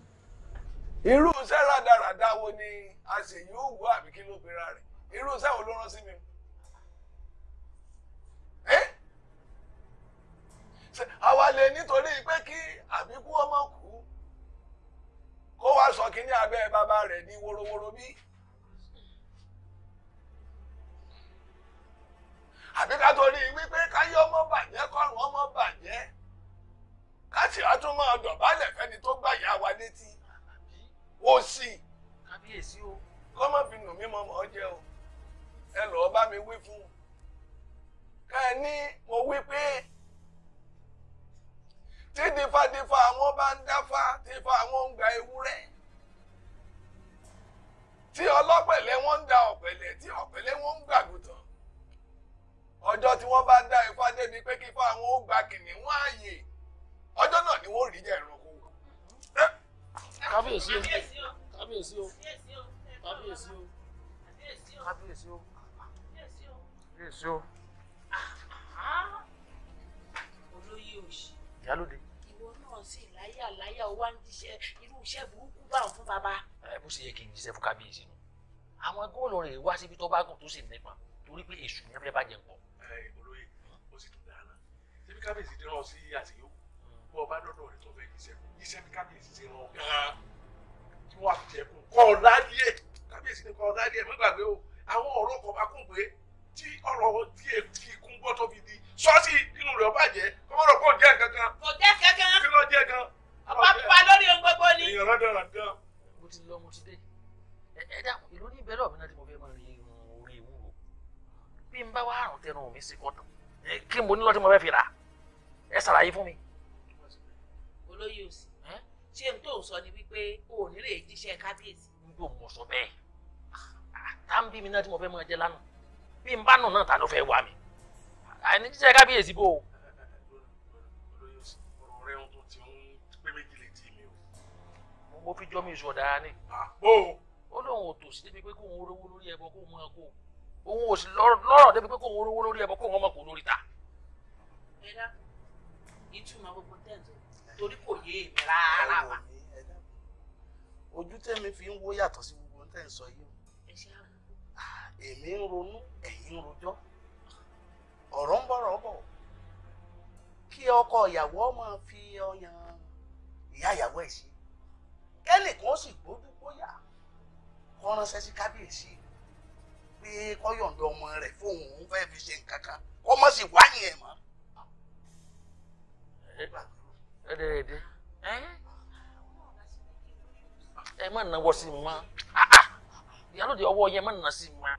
irú iṣẹ́ rádaràda wo ni a sì yóò wú àbí kí ló pera rẹ̀ irú iṣẹ́ wo ló rán sí mi. àwa lè nítorí pé kí àbíkú ọmọ kú kó wá sọ kínní abẹ́ bàbá rẹ̀ ní worowóró bí. àbí ká torí wípé káyé ọmọ bàjẹ́ kọ́run ọmọ bàjẹ́. káṣí àtún máa dọ̀bálẹ̀ fẹ́ni tó gbà yá wa létí ó sì. kábíyèsí o. kọ́mọ̀ fi nù mí mọ́ mọ́ jẹ́ o ẹ lọ́ọ́ bá mi wí fún un. ká ẹ ní mo wí pé tí dífádífá àwọn bá ń dáfá dífá àwọn ń gba ewúrẹ́ tí ọlọ́pẹ̀lẹ̀ wọ́n ń da ọ̀pẹ̀lẹ̀ tí ọ̀pẹ̀lẹ̀ wọ́n ń gbàgùtàn ọjọ́ tí wọ́n bá dá ifá débi pé kífá àwọn ó gba kìnìún ààyè ọjọ́ náà ni wọ́n rí jẹ́ ẹranko. kábíyèsí o kábíyèsí o kábíyèsí o kábíyèsí o kábíyèsí o. olóyè òsì. ìyálòde. ìwọ náà sì láyà láyà ó wá ń jíṣẹ́ irú iṣẹ́ burúkú bá òun fún bàbá. ẹ bó ṣe yẹ kí n jíṣẹ́ fún kábíyèsí nù àwọn góòlù rẹ̀ wá síbi tó bá gùn tó sì nípa torí pé èṣù yẹn fẹ́ bàjẹ́ pọ̀. olóyè ó sì tún dáná ṣé bí kábíyèsí dẹ́rọ̀ sí àtìyókù bó ọba dọdọ rẹ tó fẹ́ jíṣẹ́ jíṣẹ́ bí kábíyèsí ṣe rán gan tí wọn àti jẹ kó kọ ọ lálẹ kábíyèsí ni kọ ọ lálẹ má gbàgbé o àwọn ọ̀rọ̀ kọ bá kún pé tí ọ̀rọ̀ díẹ̀ kí kún gbọ́ fi di ṣọ́ọ̀ṣì inú rẹ̀ bàjẹ́ kọ́mọ́rọ̀ kò jẹ́ kankan. kò jẹ́ kankan. kí ló jẹ́ gan. ọba pupa lórí ohun gbogbo ni. èèyàn rọ́dọ̀ rà gan. mo ti lọ mo ti dé ẹ dáhùn ìlú ní ìbẹ̀rẹ̀ ọ̀mìnà tí mo fẹ́ máa rí irun orí ìwúwo bí n bá wá àrùn tẹnu mi sí kọ́tàn kí mo ní lọ́tí mo fẹ́ fi rà ẹ ṣàlàyé fún mi olóyè òsì ṣé n tó sọ ni wípé o ò nílè jíṣẹ́ kábíyèsí. n yóò mọ sọ bẹ́ẹ̀ tá ń bí mi náà tí mo fẹ́ máa jẹ lánàá bí n bá nù náà ta ló fẹ́ wá mi àìní jíṣẹ́ kábíyèsí bò ó. mo fi jọ́ mi sọ dára ni. ó lóun ò tòṣì débi pé kóun rówó lórí ẹbọ kóun máa kó òun ò sì lọ́rọ̀ débi pé kóun rówó lórí ẹbọ kóun máa kó lórí ta. ẹ dá ìtumọ̀ gbogbo tẹ́ǹtì torí kò yé èmi rárá wa. ojú tẹ́mi fi ń wó yàtọ̀ sí gbogbo tẹ́ ń sọ yìí èmi ń ronú ẹ̀yin ń rojọ́ ọ̀rọ̀ ń bọ̀rọ̀ bọ̀ kí ọkọ ìyàwó máa fi ọyàn ìyá ìyàwó ẹ̀ sí kẹ́nìkan sì gbójú bóyá kọ́ ránṣẹ́ sí kábíyèsí pé kọ́yọ̀ǹdọ̀ ọmọ rẹ̀ fóun òun fẹ́ fi ṣe nǹkan kan kọ́ mọ́ sí wáyé ẹ̀ mọ́ ɛdi ɛdi ɛn ɛ ma nna wɔ si ma aa yalo de ɔwɔ yɛ ma nna si ma.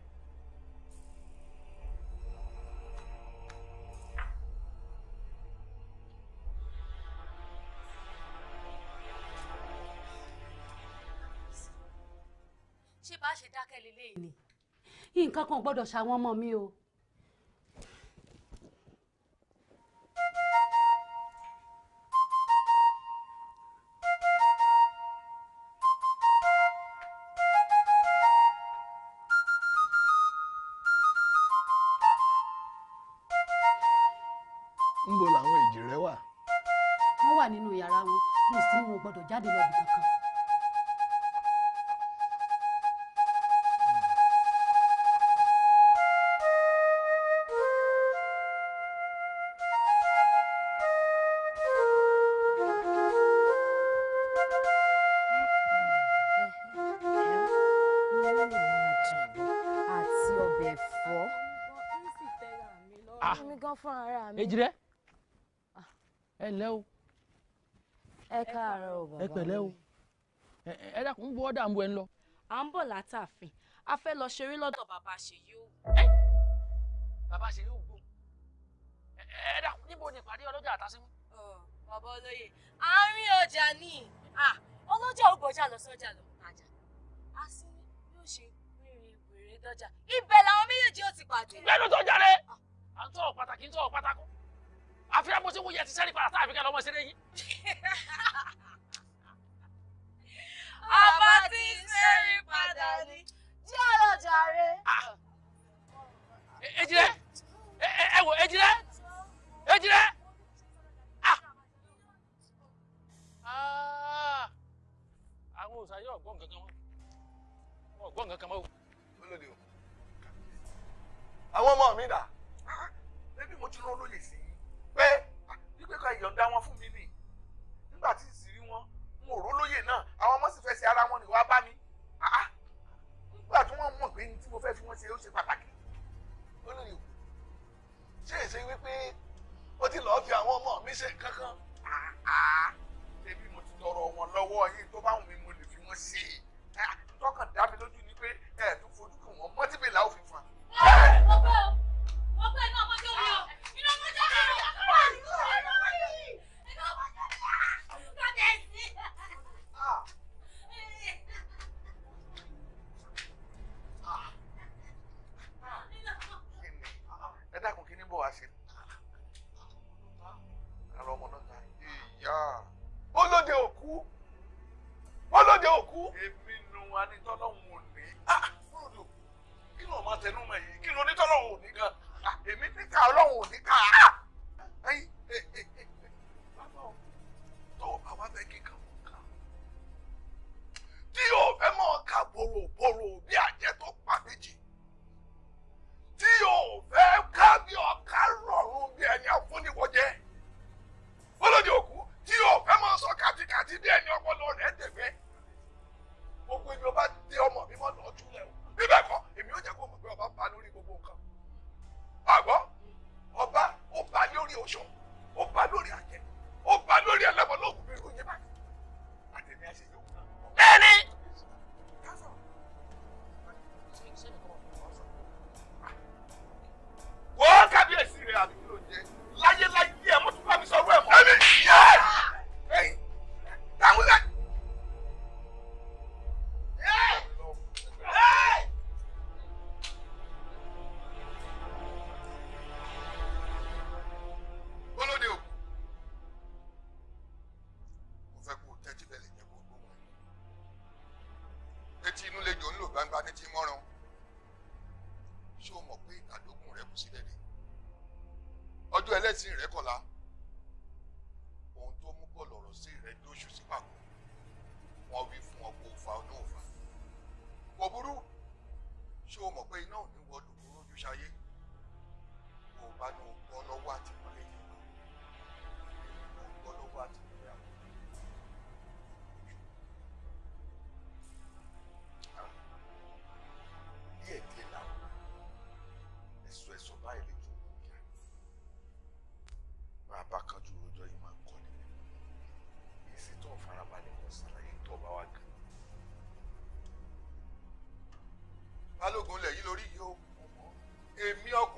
ṣé bá ṣe dákẹ́ lélẹ́yìn ni nǹkan kan gbọ́dọ̀ ṣàwọn ọmọ mi o. ẹ ǹlẹ́ o. ẹ káàárọ̀ o bàbá mi. ẹ pẹ̀lẹ́ o ẹ dákun ń bu ọ́dà ń bu ẹ ń lọ. à ń bọ̀ látàfin a fẹ́ lọ ṣeré lọ́dọ̀ bàbá ṣèyí o. bàbá ṣèyí o gbó ẹ dákun níbo ni ìpàdé ọlọ́jà àtàsímú. bàbá olóye àárín ọjà ni ọlọ́jà ò gbọ́jà lọ sọ́jà lọ tajà á sí yóò ṣe wírin wèrè dọ́jà ibẹ̀ làwọn méjèèjì ó ti pàdé. bẹ́ẹ̀ ló tọ́jà rẹ̀ à ń tọrọ pàtàkì ń tọrọ pátákó àfi àbọ̀ sí wo yẹ ti sẹ́rí padà táàbí kẹ́ lọ́mọ sí lẹ́yìn. àbá ti sẹ́rí padà ni jẹ́ ọlọ́jà ah. e, ejire ẹ e, e, wo ejire ejire. Ah. Ah. àwọn òòsàn yóò gbọ́ nǹkan kan mọ́ wọ́n gbọ́ nǹkan kan mọ́. olóde o àwọn ọmọ mi dà ẹbí mo ti rán olóyè sí ká ìyọ̀ǹda wọn fún mi nì nígbà tí ìsìrí wọn n ò rólóyè náà àwọn ọmọ sì fẹ́ ṣe ara wọn ní wàá bá mi ah, nígbà tí wọ́n mọ̀ pé tí mo fẹ́ fi wọ́n ṣe ó ṣe pàtàkì ó lè yòókù ṣé èsè wípé ó ti lọ́ọ́ fi àwọn ọmọ mi ṣe kankan ah, ah, ṣebí mo ti tọrọ wọn lọ́wọ́ yìí tó bá wù mí mo lè fi wọ́n ṣe é. lẹ́sìn rẹ kọ̀la ohun tó mú pọ̀ lọ̀rọ̀ sí rẹ lóṣù sí pàkó wọ́n wí fún ọkọ̀ òfa olóòfà kò burú ṣé o mọ̀ pé iná ò ní wọ́ọ́dù burú ojú kò bá ní balógun lẹ̀ yí lórí yìí o èmi ọkọ.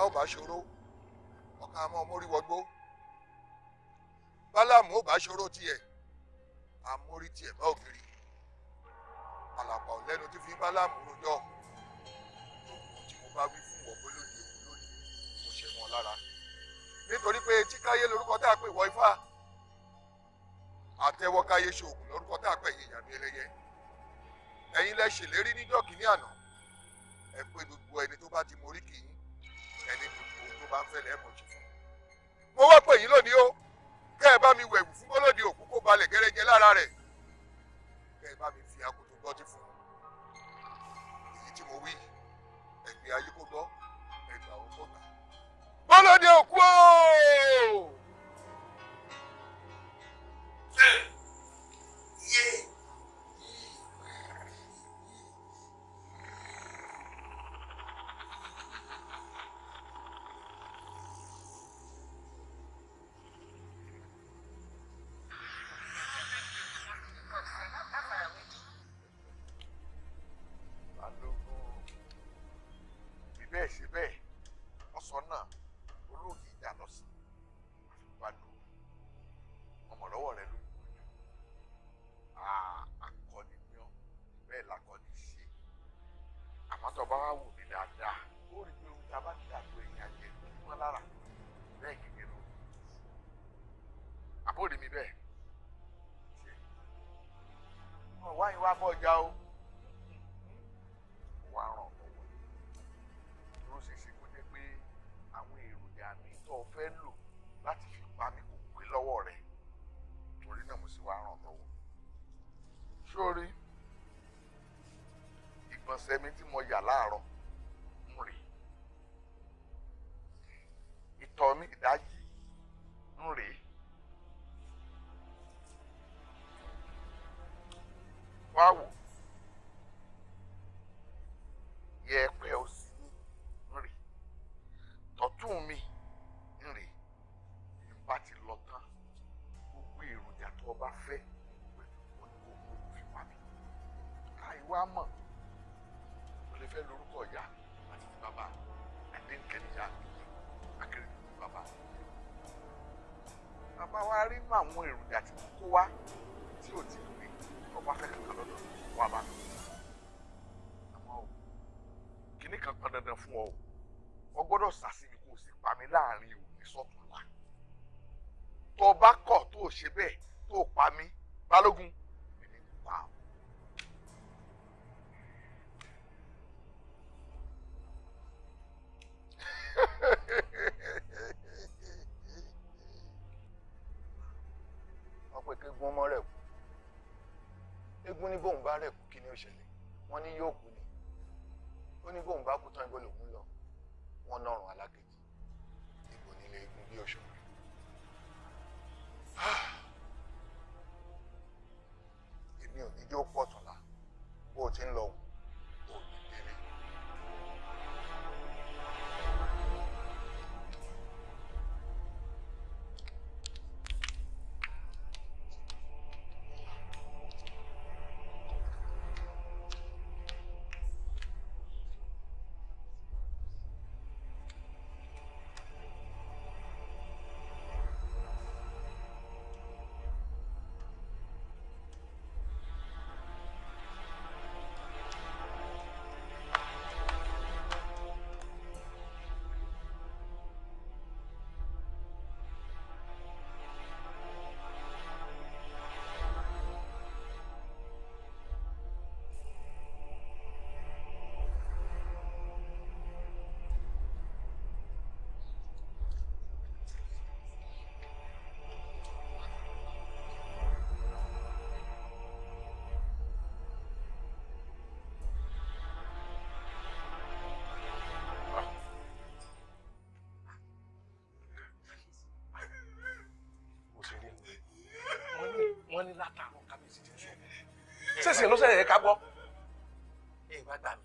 ká ò bá ṣòro ọ̀kan àmọ́ mórí wọgbó bálámù ò bá ṣòro tiẹ̀ àmórí tiẹ̀ bá ògiri àlàpà ò lẹ́nu tí fi bálámù rojọ́ ohun tí mo bá wí fún wọ́n pé lónìí òun lónìí mo ṣe wọn lára nítorí pé tíkáyé lórúkọ tá a pè wọ ifá àtẹwọkáyé ṣoògùn lórúkọ tá a pè yé ìyàmí ẹlẹ́yẹ ẹ̀yin lẹ ṣèlérí níjọ́ kìíní àná ẹ pé gbogbo ẹni tó bá ti morí kìí ẹni gbogbo tó bá ń ṣẹlẹ̀ ẹ̀mọ̀ ṣe fún mo wá pè yín lónìí o kẹ́ ẹ bá mi wẹ̀wù fún bọ́lọ́dì òkú kó balẹ̀ gẹ́rẹ́jẹ lára rẹ̀ kẹ́ ẹ bá mi fi akoto gbọ́dí fún un. èyí tí mo wí ẹ̀gbẹ́ ayé kó gbọ́ ẹ̀gbà ọgọ́ta. bọ́lọ́dì òkú o. Yeah. mi tí mo yà láàárọ̀ nǹkan kan dandan fún ọ o gbọ́dọ̀ sàṣìbí kò sì pa mí láàrin òní sọ́túnla tó o bá kọ̀ tó o ṣe bẹ́ẹ̀ tó o pa mí balógun èmi kò pa ọ. ọ̀pọ̀ ìkégun ọmọ rẹ̀ kú eégún ní bóun bá rẹ̀ kú kí ni ó ṣẹlẹ̀ wọ́n ní yóò kú sísìn ló ṣẹlẹ̀ ká gbọ́ ẹ wá gbà mí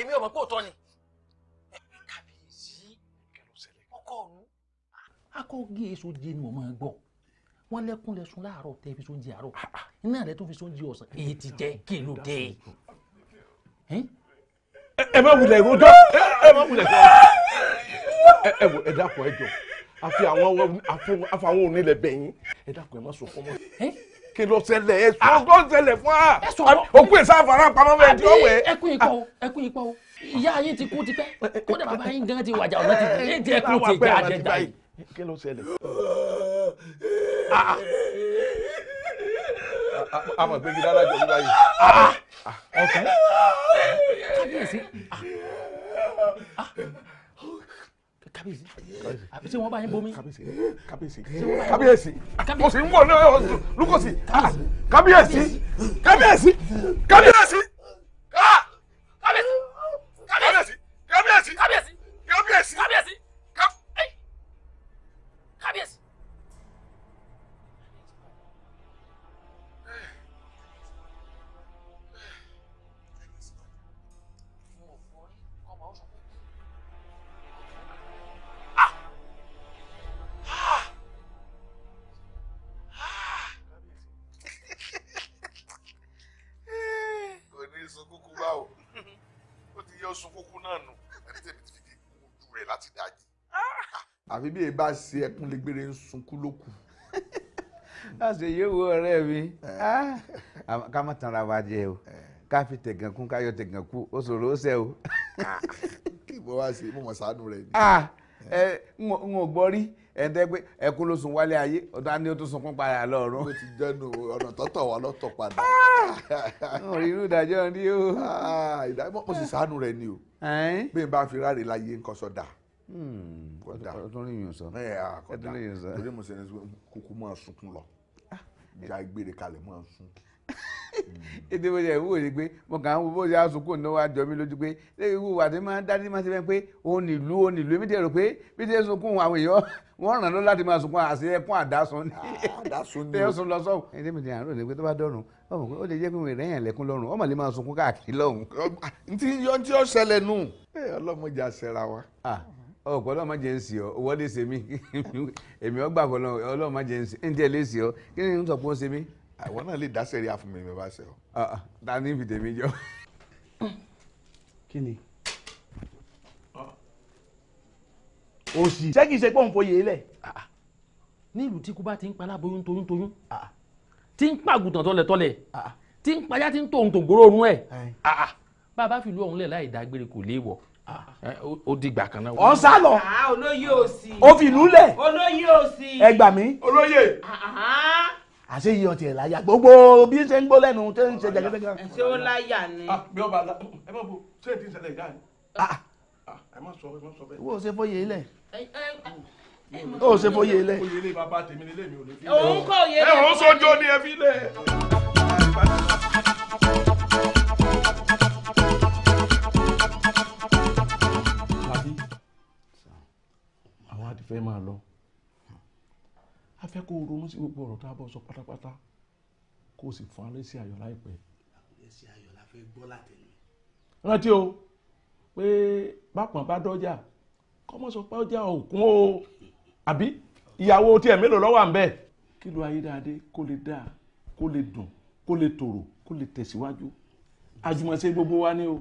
èmi ọmọ kò tọ́ ni kàbíyèsí ọkọ ọ̀run. akọ́gí èso jẹ ni mo máa gbọ́ wọ́n lẹ́kún lẹ sùn láàárọ̀ tẹ́ fi sóúnjẹ àárọ̀ iná rẹ tó fi sóúnjẹ ọ̀sán èyí ti jẹ́ kìlò dé. ẹ má wulẹ̀ ìrojọ́ ẹ má wulẹ̀ ìrojọ́ ẹ wò ẹ dákun ẹ jọ àfi àwọn àfi àwọn onílẹ̀ bẹ̀yìn ẹ dákun ẹ má sọ fọmọ kí ló ṣẹlẹ̀ ẹ̀sùn tó ah. ń ṣẹlẹ̀ fún wa òkú ìsáfara pamọ́ bẹ́ẹ̀ tí ó wẹ̀. ẹkún ikọ o ẹkún ikọ o ìyá yín ti kú tipẹ́ kódà bàbá yín gan ti wàjà ọ̀nà ti dì yín ti ẹkún ti jà àjẹjà yìí. kí ló ṣẹlẹ̀. a mọ̀ pé kí dára jọ nígbà yìí. ọ̀sán kábíyèsí. Ah. Ah kábíyèsí àbí tí wọ́n bá yín bomi. kábíyèsí kábíyèsí kábíyèsí kò sí ń wọ̀ náà lukosi kábíyèsí kábíyèsí kábíyèsí kábíyèsí kábíyèsí kábíyèsí kábíyèsí kábíyèsí. àfi bí èyí bá ṣe ẹkún lè gbére ń sunkún lókù. láti yé wo ọ̀rẹ́ mi eh. ah, ká má tanra wa jẹ o eh. ká fi tẹ̀gàn kún ká yọ tẹ̀gàn kú ó ṣòro ó ah, ṣe o. kí ìbọn wá sí mọ̀mọ́ sànú rẹ ni. Ah, eh. n ò gbọ́ rí ẹ̀ńtẹ́ pé ẹkún ló sun wálé ayé ọ̀tá ni ó tún sunkún padà lọ́rùn. mo ti jẹ́nu ọ̀nà tọ́tọ̀ wa lọ́tọ̀ padà. mo rí irú ìdájọ́ ní o. ìdájọ́ mo sì sànú rẹ ni o bí n bá fi ráre láyé ń kọ́ sọ́dà. Hmm kódà ọdún rí sọ ọdún rí yín torí mo ṣe ní máa sunkún lọ ah, eh. ìjà ìgbèrè kalẹ̀ máa sun. ètò ìbòjá ìwúwo ni pé mo kàn án wo bó ṣe àsunkún náà wá jọ mí lójú pé lẹ́yìn ìwúwo àti máa ń dá máa ṣe fẹ́ pé òun nílùú òun nílùú èmi tẹ̀ rò pé bí ṣe sunkún àwọn èèyàn wọ́n ràn lọ láti máa sunkún àṣẹ ẹkún àdásùn ni tẹ́sùn ah, lọ sọ́hùn. ẹni mi ti àárọ̀ ni pé tó bá dọ̀rùn ó lè jẹ́ pé òun ìrẹ́yìn lẹ́kún lọ́rùn ọmọ lè máa sunkún káàkiri lọ́hùn. ntí yọ ntí ó ṣẹlẹ̀ nù. ọlọ́mọdé àṣẹra wa. Ah ọ̀pọ̀ ọlọ́run má jẹ́ ń sí ọ owó lè ṣe mí èmi ọgbà pọ̀ ọlọ́run má jẹ́ ń sí ń tiẹ̀ lè sí ọ kí ni ń sọ pé ó ń ṣe mí. àwọn náà lè dá sẹ́rí àfún mi mi bá ṣe ọ. Ah, ah, ta ni fìdè mi jọ. kí ni. òsì ah. ṣé kìí ṣe pé òun foyè lẹ̀. nílùú tí kú bá ti ń palá boyún toyún toyún tí ń pàgùtàn tọ́lẹ̀ tọ́lẹ̀ tí ń payá tí ń tòun tòun gbóró orun ẹ̀ bá a bá fi lu ọ̀hún lẹ̀ láì dágbére kò léèwọ̀ ó ah. eh, di ìgbà kan náà. ọ̀ ń sá lọ. Ah, olóyè òsì. ó fi ìlú lẹ̀. olóyè òsì. ẹ gbà mí. olóyè. Ah, àṣé iye ọtí ẹ̀ láyà gbogbo bí ń ṣe ń gbó lẹ́nu tó ń ṣe jẹgẹdẹgẹ. ṣé ó láyà ni. bí ọba la ẹ má bo ṣé èdè ìṣẹ̀lẹ̀ ìyá ni. ẹ má sọ ẹ má sọ bẹ́ẹ̀. wo ṣe fóye ilẹ̀. o ṣe fóye ilẹ̀. fóye ilé bàbá tèmi nílé mi ò lè fi. òun kò yé. ẹ òun sojú ni ẹ fi lẹ̀. fẹ́ máa lọ a fẹ́ kó ronú sí gbogbo ọ̀rọ̀ tá a bọ̀ sọ pátápátá kó o sì fún alẹ́ sí ayọ̀ láìpẹ́. alẹ́ sí ayọ̀ la fẹ́ gbọ́ látẹnu. rántí o pé bápọn bá dọ́jà kọ́mọ sọ pé ọjà òkun o àbí ìyàwó tiẹ̀ mélòó lọ́wọ́ à ń bẹ̀. kí ló ayé dáadé kó lè dáa kó lè dùn kó lè tòrò kó lè tẹ̀síwájú àjùmọ̀ṣe gbogbo wa ni o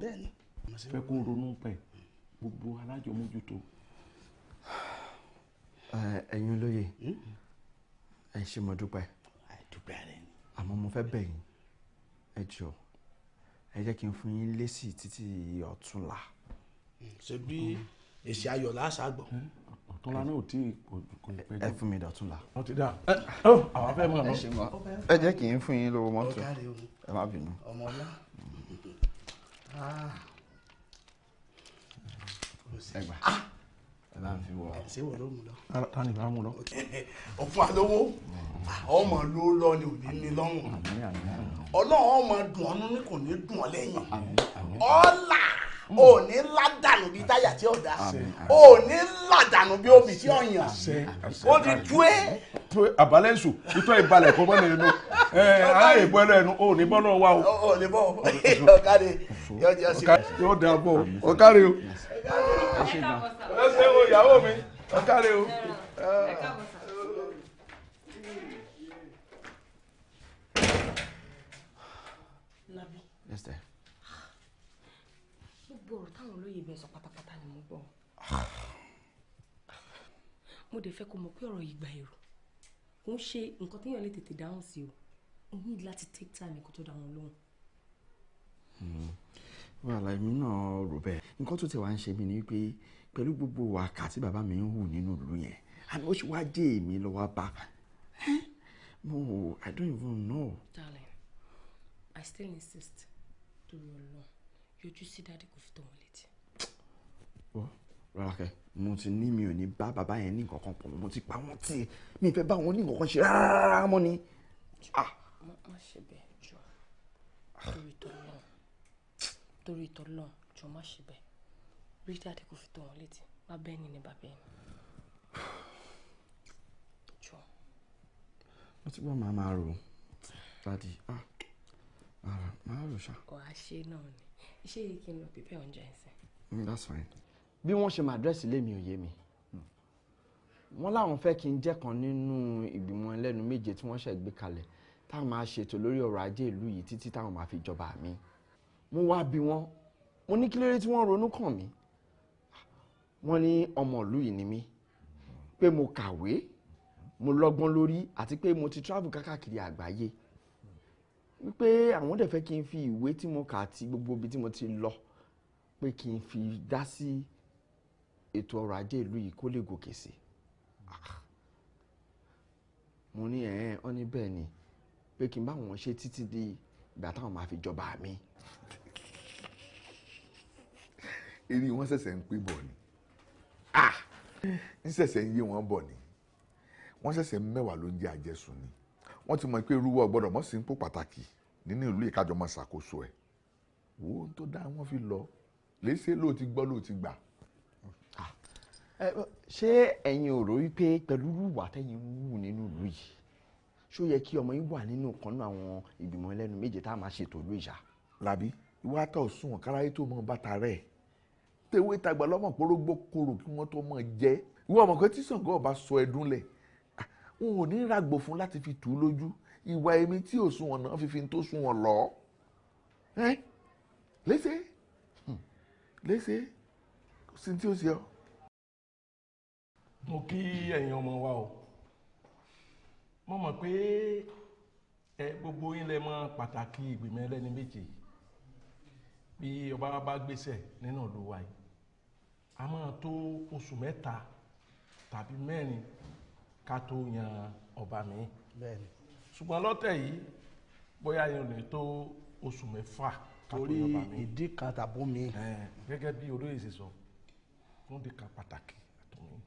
fẹ́ kó ronú pẹ̀ gbogbo alájọmójútó Eh, ẹ̀yin olóye hmm? ẹ ṣé mo dúpẹ́ àmọ́ mo fẹ́ bẹ̀ yín ẹ jọ̀ọ́ ẹ jẹ́ kí n fún yín lésì títí ọ̀túnla. Hmm, ṣé bí èsì ayọ̀ lásà gbọ̀. Hmm? ọ̀túnla náà ò tí kò ní pẹ́jọ́. ẹ fún mi dọ̀túnla. wọ́n ti dá ẹ ọ àwọn fẹ́ mọ̀ náà. ẹ jẹ́ kí n fún yín lówó mọ́tò ẹ má bínú. ọmọ ọlá ah. ẹgbà. Ah! ṣé wọ́n ló mú lọ. ta ni ìbámu lọ. ọ̀fun àlówó ọmọ ló lọ ni òní ní lọ́rùn ọlọ́run ọmọ dùn ọ́nú ni kò ní dùn ọ́ lẹ́yìn ọ̀la o hmm. ní ládànù bíi táyà tí ọ̀dà o ní ládànù bíi obì tí ọ̀yàn o ti tué. àbálẹ̀ èso ìtọ́ ìbalẹ̀ kọ́ bọ́ọ̀lù ẹnu ayé ìbọ́lẹ̀ ẹnu o ní bọ́ọ̀lù wa o. o ní bọ́ọ̀ ọ̀kadì yóò jẹ́ sí. yóò dà bọ̀ ọ̀kadì o ẹ ṣe mo gbọ́ mo kó mọ̀ pé ọ̀rọ̀ yìí gba èrò kò ń ṣe nǹkan téèyàn lè tètè dáhùn sí o o ní láti take time kó tó dá lóhùn wàhálà èmi náà rò bẹ́ẹ̀ nǹkan tó ti wá ń ṣe mí ni pé pẹ̀lú gbogbo wàkà tí bàbá mi ń hù nínú ìlú yẹn àmì ó ṣe wá dé èmi lọ́wọ́ bá mo I don't even know. darling I still insist torí ọlọ yọjú sí dáadé kò fi tó wọn létí. ọ rárá kẹ mo ti ní mi ò ní bá bàbá yẹn ní nǹkan kan pọ̀ mo ti pa wọ́n tí mi fẹ́ bá wọn ní nǹkan kan ṣe rárá mọ́ ni. Ah! má ṣe bẹ́ẹ̀ jọ ah! torí tó ń torí tọ́lọ́n jọ má ṣe bẹ́ẹ̀ rí dáadé kò fi tó wọn létí má bẹ́ẹ̀ ni ní bàbá ẹni jọ. mo ti gbọ́ màá máa rò dáàdi ah, ara màá rò ṣá. wàá ṣe náà ni iṣẹ́ yìí kí n lọ pípẹ́ oúnjẹ ẹ̀sìn. Mm, that's fine. bí wọ́n ṣe máa dírẹ́sì lé mi ò yé mi hmm. wọ́n láwọn fẹ́ kí n jẹ́ kan nínú ìgbìmọ̀ ẹlẹ́nu méje tí wọ́n ṣẹ̀ gbé kalẹ̀ táwọn máa ṣètò lórí ọrọ̀ ajé ìlú yìí títí táwọn máa fi jọba mi mo wá bi wọn mo ní kí lóore tí wọ́n ronú kàn mí wọ́n ní ọmọ yìí ni mí pé mo kàwé mo lọ́gbọ́n lórí àti pé mo ti travel kákàkiri àgbáyé wípé àwọn dẹ̀ fẹ́ kí n fi ìwé tí mo kà àti gbogbo ibi tí mo ti lọ pé kí n fi dá sí ètò ọrọ̀ ajé ìlú yìí kó lè gòkè sí ah. mo ní ẹ̀ ọ́ ní bẹ́ẹ̀ ni pé kí n bá wọn ṣe títí di ìgbà táwọn máa fi jọba mi eré wọn ṣẹ̀ṣẹ̀ ń pé bọ̀ ni ń ah! ṣẹ̀ṣẹ̀ ń yé wọn bọ̀ ni wọ́n ṣẹ̀ṣẹ̀ mẹ́wàá ló ń jẹ́ àjẹsùn ni wọ́n ti mọ̀ pé irúwọ́ gbọ́dọ̀ mọ́ sí ń pò pàtàkì nínú ìlú ìkájọ máa ṣàkóso ẹ̀ wo ohun tó dáa wọ́n fi lọ léṣe ló ti gbọ́ ló ti gbà. Ah! ṣé ẹ̀yin ò rò wípé pẹ̀lú ìwà tẹ̀yin wù nínú ìlú yìí ṣó yẹ kí ọmọ yín wà nínú kan àwọn ìgbìmọ̀ ẹlẹ́nu méje tá a máa ṣètò ìlú ìyá. làbí ìwà tá ò tó mọ bàtà rẹ̀ tewé tagbà lọ́mọ̀ porógbó korò kí wọ́n tó mọ̀ jẹ́ ìwọ ọmọ kan tí Ṣàngó ọba sọ ẹdún lẹ̀ n ò ní ràgbò fún láti fi tù ú lójú ìwà èmi tí ò sún wọn náà fífi tó sún wọn lọ léṣe hmm, léṣe kò tí ó ṣe ọ. mo kí ẹ̀yin ọmọ wa o mo mọ̀ pé ẹ gbogbo yín lè mọ̀ pàtàkì ìgbìmọ̀ ẹlẹ́ni méje bí ọba bá gbéṣẹ̀ nínú ìlú wa yìí a máa tó oṣù mẹ́ta tàbí mẹ́rin ká tó yan ọba mi. bẹ́ẹ̀ni. ṣùgbọ́n lọ́tẹ̀ yìí bóyá yẹn ò ní tó oṣù mẹ́fà ká tó yan ọba mi. torí ìdí kan tàbó mi. gẹ́gẹ́ bí olóyè ṣe sọ fún ìdí kan pàtàkì àtúnmí.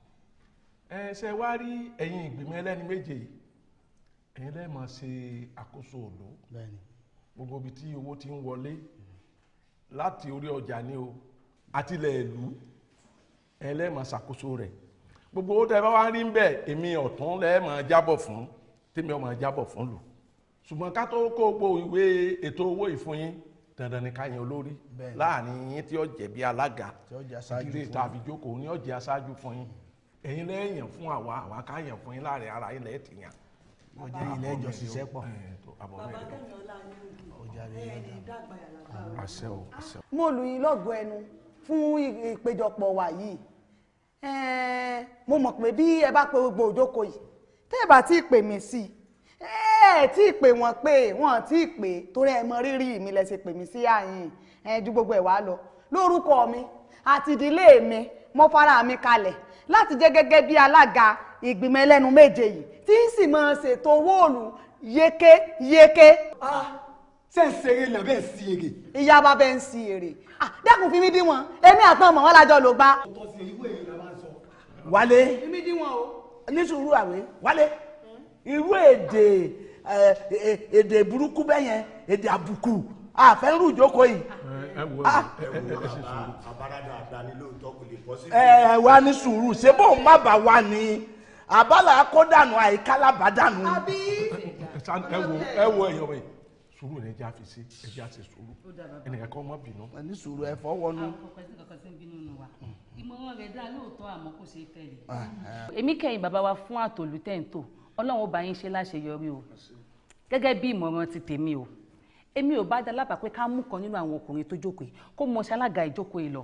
ẹ ṣe wá rí ẹ̀yin ìgbìmọ̀ ẹlẹ́ni méje yìí ẹ̀yin lẹ́ẹ̀ máa ṣe àkóso òòlù. gbogbo ibi tí owó ti ń wọlé láti orí ọjà ni o àtìlẹ̀ ìlú ẹlẹ́mọ̀ ṣàkóso rẹ̀ gbogbo ó tẹ́ bá wá rí ń bẹ̀ èmi ọ̀tún lẹ́ẹ̀mọ̀ jábọ̀ fún tèmi ọmọ jábọ̀ fún lò ṣùgbọ́n ká tó kó gbogbo ìwé ètò owó ìfún yín dandan ni ká yan olórí láàrin yín tí ó jẹ́ bí alága ìdílé tàbí jókòó ní ó jẹ́ aṣáájú fún yín ẹ̀yin lẹ́yìn fún àwa àwa ká yàn fún yín láàrin ara ilẹ̀ ti yàn. wọ́n jẹ́ ilé ṣiṣẹ́ pọ̀. bàbá kẹ́mi ọlá ní ẹni dàgbà yàrá. mo lù yín lọ́gọ̀ọ́ ẹnu fún ìpéjọpọ̀ wa yìí mo mọ̀ pé bí ẹ bá pe gbogbo òjókòó yìí tẹ́ ẹ bá ti ì pè mí sí i ẹ tí ì pè wọ́n pé wọ́n tí pè torí ẹ mọ rírì mi lẹ ṣe pè mí sí àyìn ju gbogbo ẹ wá lọ lórúkọ mi àti ìdílé mi mo fara mi kalẹ̀ láti jẹ́ gẹ́gẹ́ bí alága ìgbìmọ̀ ẹlẹ́nu méje yìí tí ń sì máa ṣètò owó òòlù yéké yéké. ah ṣé ń ṣeré ni àbẹ́ ń sí èrè. ìyá bá bẹ́ẹ̀ ń sí èrè. dẹ́kun fi mí dí wọn èmi àtọ́ ọmọ wọn lájọ ló gbá. ọ̀tọ̀ sí ìwé ìlà wálé ní sùúrù àwẹ wálé irú èdè èdè burúkú bẹ́ẹ̀ yẹn èdè àbùkù àfẹ́rù ìjókòó yìí. ẹ wo ah. àbáradà àdáni lóòótọ́ kò lè bọ́ sí. ẹ wá ní sùúrù ṣé bóun má bàa wà ní abala akọ́dànù àìkálábàdànù. àbí ẹ wo ẹ wo ẹyọ mi sùúrù ni ẹ jẹ́ àfi sí ẹ jẹ́ àti sùúrù ẹnìkan kọ́ mọ́ bínú. ẹ ní sùúrù ẹ fọwọ́nu. àkókò ìmọ̀ràn rẹ̀ dá lóòótọ́ àmọ́ kò ṣeé tẹ̀lé. Ah, ah. èmi kẹ́yìn bàbá wa fún àtòlù tẹ́ǹtò ọlọ́run ó yín ṣe láṣeyọrí o gẹ́gẹ́ bí ìmọ̀ràn ti tèmi o èmi ò bá dá lábàá pé ká mú kan nínú àwọn ọkùnrin tó jókòó kó mọ ṣalága ìjókòó yìí lọ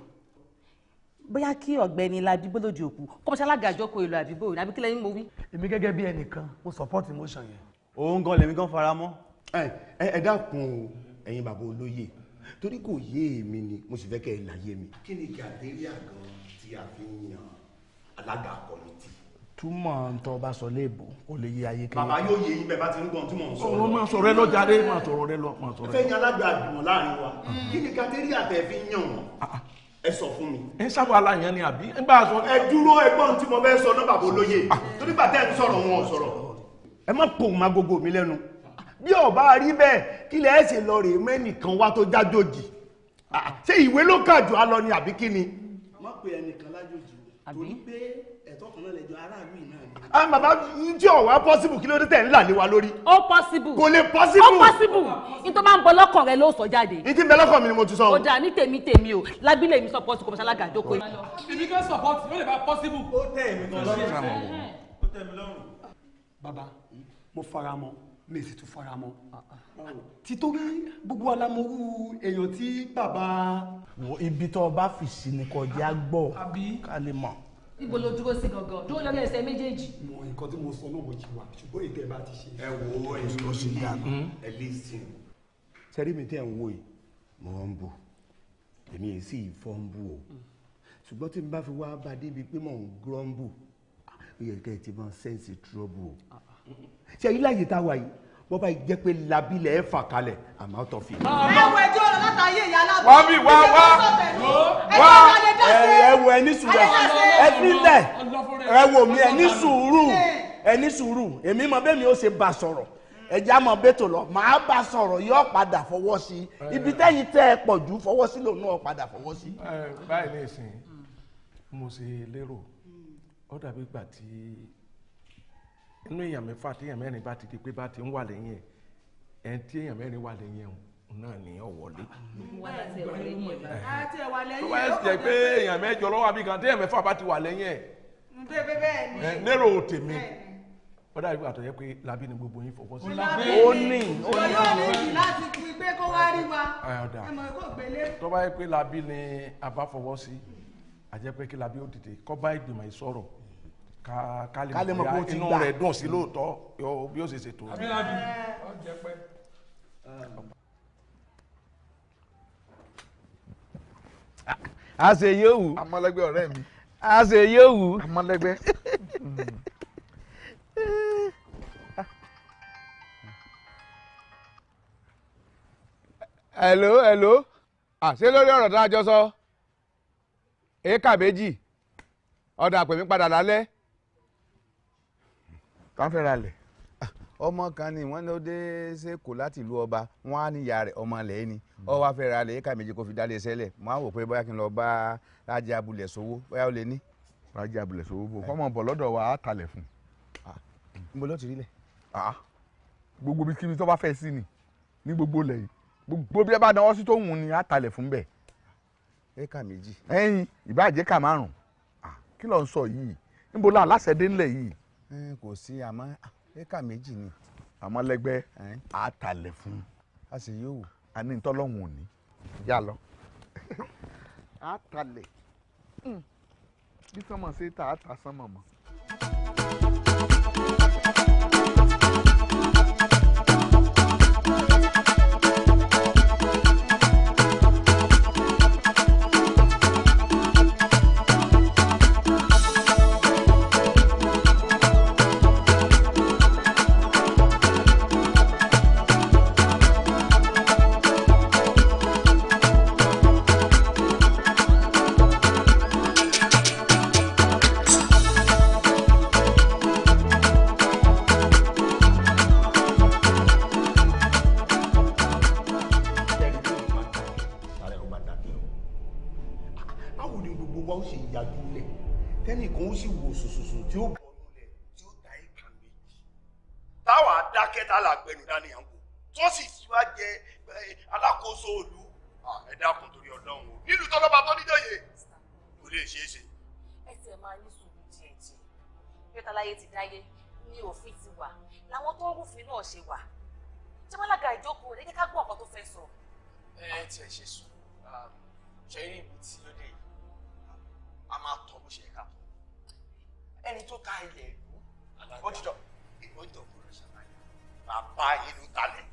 bóyá kí ọ̀gbẹ́ni ladigbó lòdì òkú kó mọ ṣalága ìjókòó yìí lọ àbí bóyá àbí kílẹ̀ yín mo wí. èmi gẹ́gẹ́ bí ẹnìkan mo support emotion yẹn. òun gan lèmi gan fara mọ́. ẹ ẹ dákun o ẹ̀yin bàbá olóye torí kò yé èmi ni mo sì fẹ́ kẹ́ ẹ láyé mi. kí ni gàdéríà gan tí a fi ń yan alága kọ́mítì. túmọ̀ ntọ́ bá sọ léèbó kò lè yí ayé kẹ́yìn. bàbá yóò yé yín bẹ́ẹ̀ bá ti ń gbọ́n tí mò ń sọ̀rọ̀. òun máa sọ̀rọ̀ ẹ lọ jáde máa sọ̀rọ̀ ẹ lọ máa sọ̀rọ̀ ẹ. fẹ́yìn alága àjùmọ̀ láàrin wa mm. kí ni kàtẹ́rìà tẹ̀ fi yàn wọ́n ah, ah. ẹ sọ fún mi. ẹ sábà aláyan ni àbí. ẹ bá a sọ. ẹ dúró ẹ̀gbọ́n tí mo fẹ́ sọ náà bàbá olóye ah, torí bàtẹ́ ń sọ̀rọ̀ wọn sọ̀rọ̀. ẹ má pòun má gogo mi lẹ́nu bí ọba rí bẹ́ẹ̀ kí lẹ́ẹ̀ lọ rèé mẹ́nìkan wá tó jájòjì ṣé ìwé ló kà jù ni àbí kí ni pe ẹnìkan lájòjì torí pé ẹ̀tọ́ kan náà lẹ́jọ́ aráàlú yìí náà ni. Ah, bàbá ń jẹ́ ọ̀wá possible kí ló dé tẹ̀ ńlá lé wa lórí. ó possible kò lè possible. ó possible ní tó ń bọ lọ́kàn rẹ ló jáde. ní tí bẹ lọ́kàn mi ni mo ti sọ. ó dà ní tèmi tèmi o lábílẹ̀ mi support kò mọ̀ṣálá gàdó pé. ibi kan support ó lè bá possible. ó tẹ̀ mí lọ́rùn. ó tẹ̀ mí lọ́rùn. bàbá mo fara mọ́ mi sì tún fara mọ́ ah, ah. títorí gbogbo alamọ̀rú èèyàn tí bàbá. wo ibi tó o bá fi sí ni kọjá gbọ́ ká lè mọ̀ níbo ló dúró sí gangan dúró lórí ẹsẹ̀ méjèèjì. mo nǹkan tí mo sọ náà mo ti wà ṣùgbọ́n ètò ẹ̀ bá ti ṣe. ẹ wo ìtọ́sí dàgbà ẹ lẹ́sìn. sẹ́rí mi tẹ́ ń wo yìí mo ń bò èmi yìí sì fọ́ ń bù o ṣùgbọ́n tí n bá fi wá bá débi pé mò ń gírọ́ ń bù ó yẹ kẹ́ ẹ ti mọ sẹ́ǹsì trọ́bù o ah, ṣe èyí láàyè tá a wà yìí wọ́n bá jẹ́ pé labilẹ̀ ẹ̀ fà kalẹ̀ àmọ́ tọ́ fi. ẹ wọ ẹjọ́ rẹ látàyè ìyá alábí. wọ́n bí wá wá wá ẹ wọ ẹ ní sùúrù ẹ nílẹ̀ ẹ wò mí ẹ ní sùúrù ẹ ní sùúrù èmi mọ bẹ́ẹ̀ mi ó ṣe bá sọ̀rọ̀ ẹja mọ bẹ́tò lọ màá bá sọ̀rọ̀ yóò padà fọwọ́ sí i ibi tẹ́yìn tẹ́ ẹ pọ̀ jù fọwọ́ sí lòun náà padà fọwọ́ sí. báyìí lè sìn mo ṣe lérò ó dàbí gbà tí inú èèyàn mẹ́fà tí èèyàn mẹ́rin bá ti di pé bá ti ń wà lẹ́yìn ẹ̀ ẹni tí èèyàn mẹ́rin wà lẹ́yìn ẹ̀ náà ní ọ̀wọ́lé. tó bá yẹ jẹ́ pé èèyàn mẹ́jọ lọ́wọ́ àbí kan tí èèyàn mẹ́fà bá ti wà lẹ́yìn ẹ̀. nérò tèmi ó dàbí àtọ̀ yẹ pé labi ni gbogbo yín fọwọ́ sí. ó ní ó ní ìlú láti fi pé kó wá rí wa ẹ mọ̀ kó gbélé. tó bá yẹ pé labi ni a bá fọwọ́ sí àjẹpẹ́ kí labi ó dìde kó bá ìgbìmọ̀ ìsọ̀rọ̀ ká mọ̀ pé ti gbà rẹ̀ dùn sí lóòótọ́ bí ó ṣe ṣètò a ṣe yóò wù. amọ̀lẹ́gbẹ́ ọ̀rẹ́ mi. a ṣe yóò wù. amọ̀lẹ́gbẹ́. hello hello àṣé lórí ọ̀rọ̀ tá a jọ sọ èékà méjì ọ̀dà pèmí padà lálẹ́. tán fẹ́ ra lẹ̀ ah, ọmọ kan ni wọ́n ló dé kò láti ìlú ọba wọn á níyà rẹ̀ ọmọ ni ọ wá fẹ́ lẹ̀ éka méje fi dálé sẹ́lẹ̀ mo á wò bóyá kí n lọ bá rájà abúlẹ̀ bóyá lè ní. rájà abúlẹ̀ sówó bò kọ́mọ bọ̀ lọ́dọ̀ wa fún. Ah, ti rí ah, gbogbo bí tó ní gbogbo gbogbo bí ẹ bá sí Eh, kò sí àmọ́ ah, éka méjì ni. àmọ́ lẹ́gbẹ́ àtàlẹ̀ eh? fún. a sì yóò wò. a ní ntọ́lọ́hún òní. yà lọ. àtàlẹ̀ hmm. bí sọmọ ṣe ta àtà sọmọ mọ. kẹta làgbẹnu dání à ń wò tó sì ti wá jẹ eh, alákòóso òlu ẹ dákun torí ọlọ́run o nílùú tọ́lọ́ba tó níjọ́yè kò lè ṣeé ṣe. ẹ máa ní sùúrù díẹ̀ díẹ̀ bí ọ̀tàláyé ti dáyé ní òfin ti wà làwọn tó ń rúfin náà ṣe wà tí wọ́n lága ìjókòó rẹ̀ jẹ́ gbọ́ ọ̀kan tó fẹ́ sọ. ẹ tiẹ̀ ṣe sùn ṣe ibi tí ó dé yìí a máa tọ́ bó ṣe yẹ ká tọ́ ẹni tó ta ilẹ̀ ìlú ó dìdọ̀ máa bá inú talẹ̀.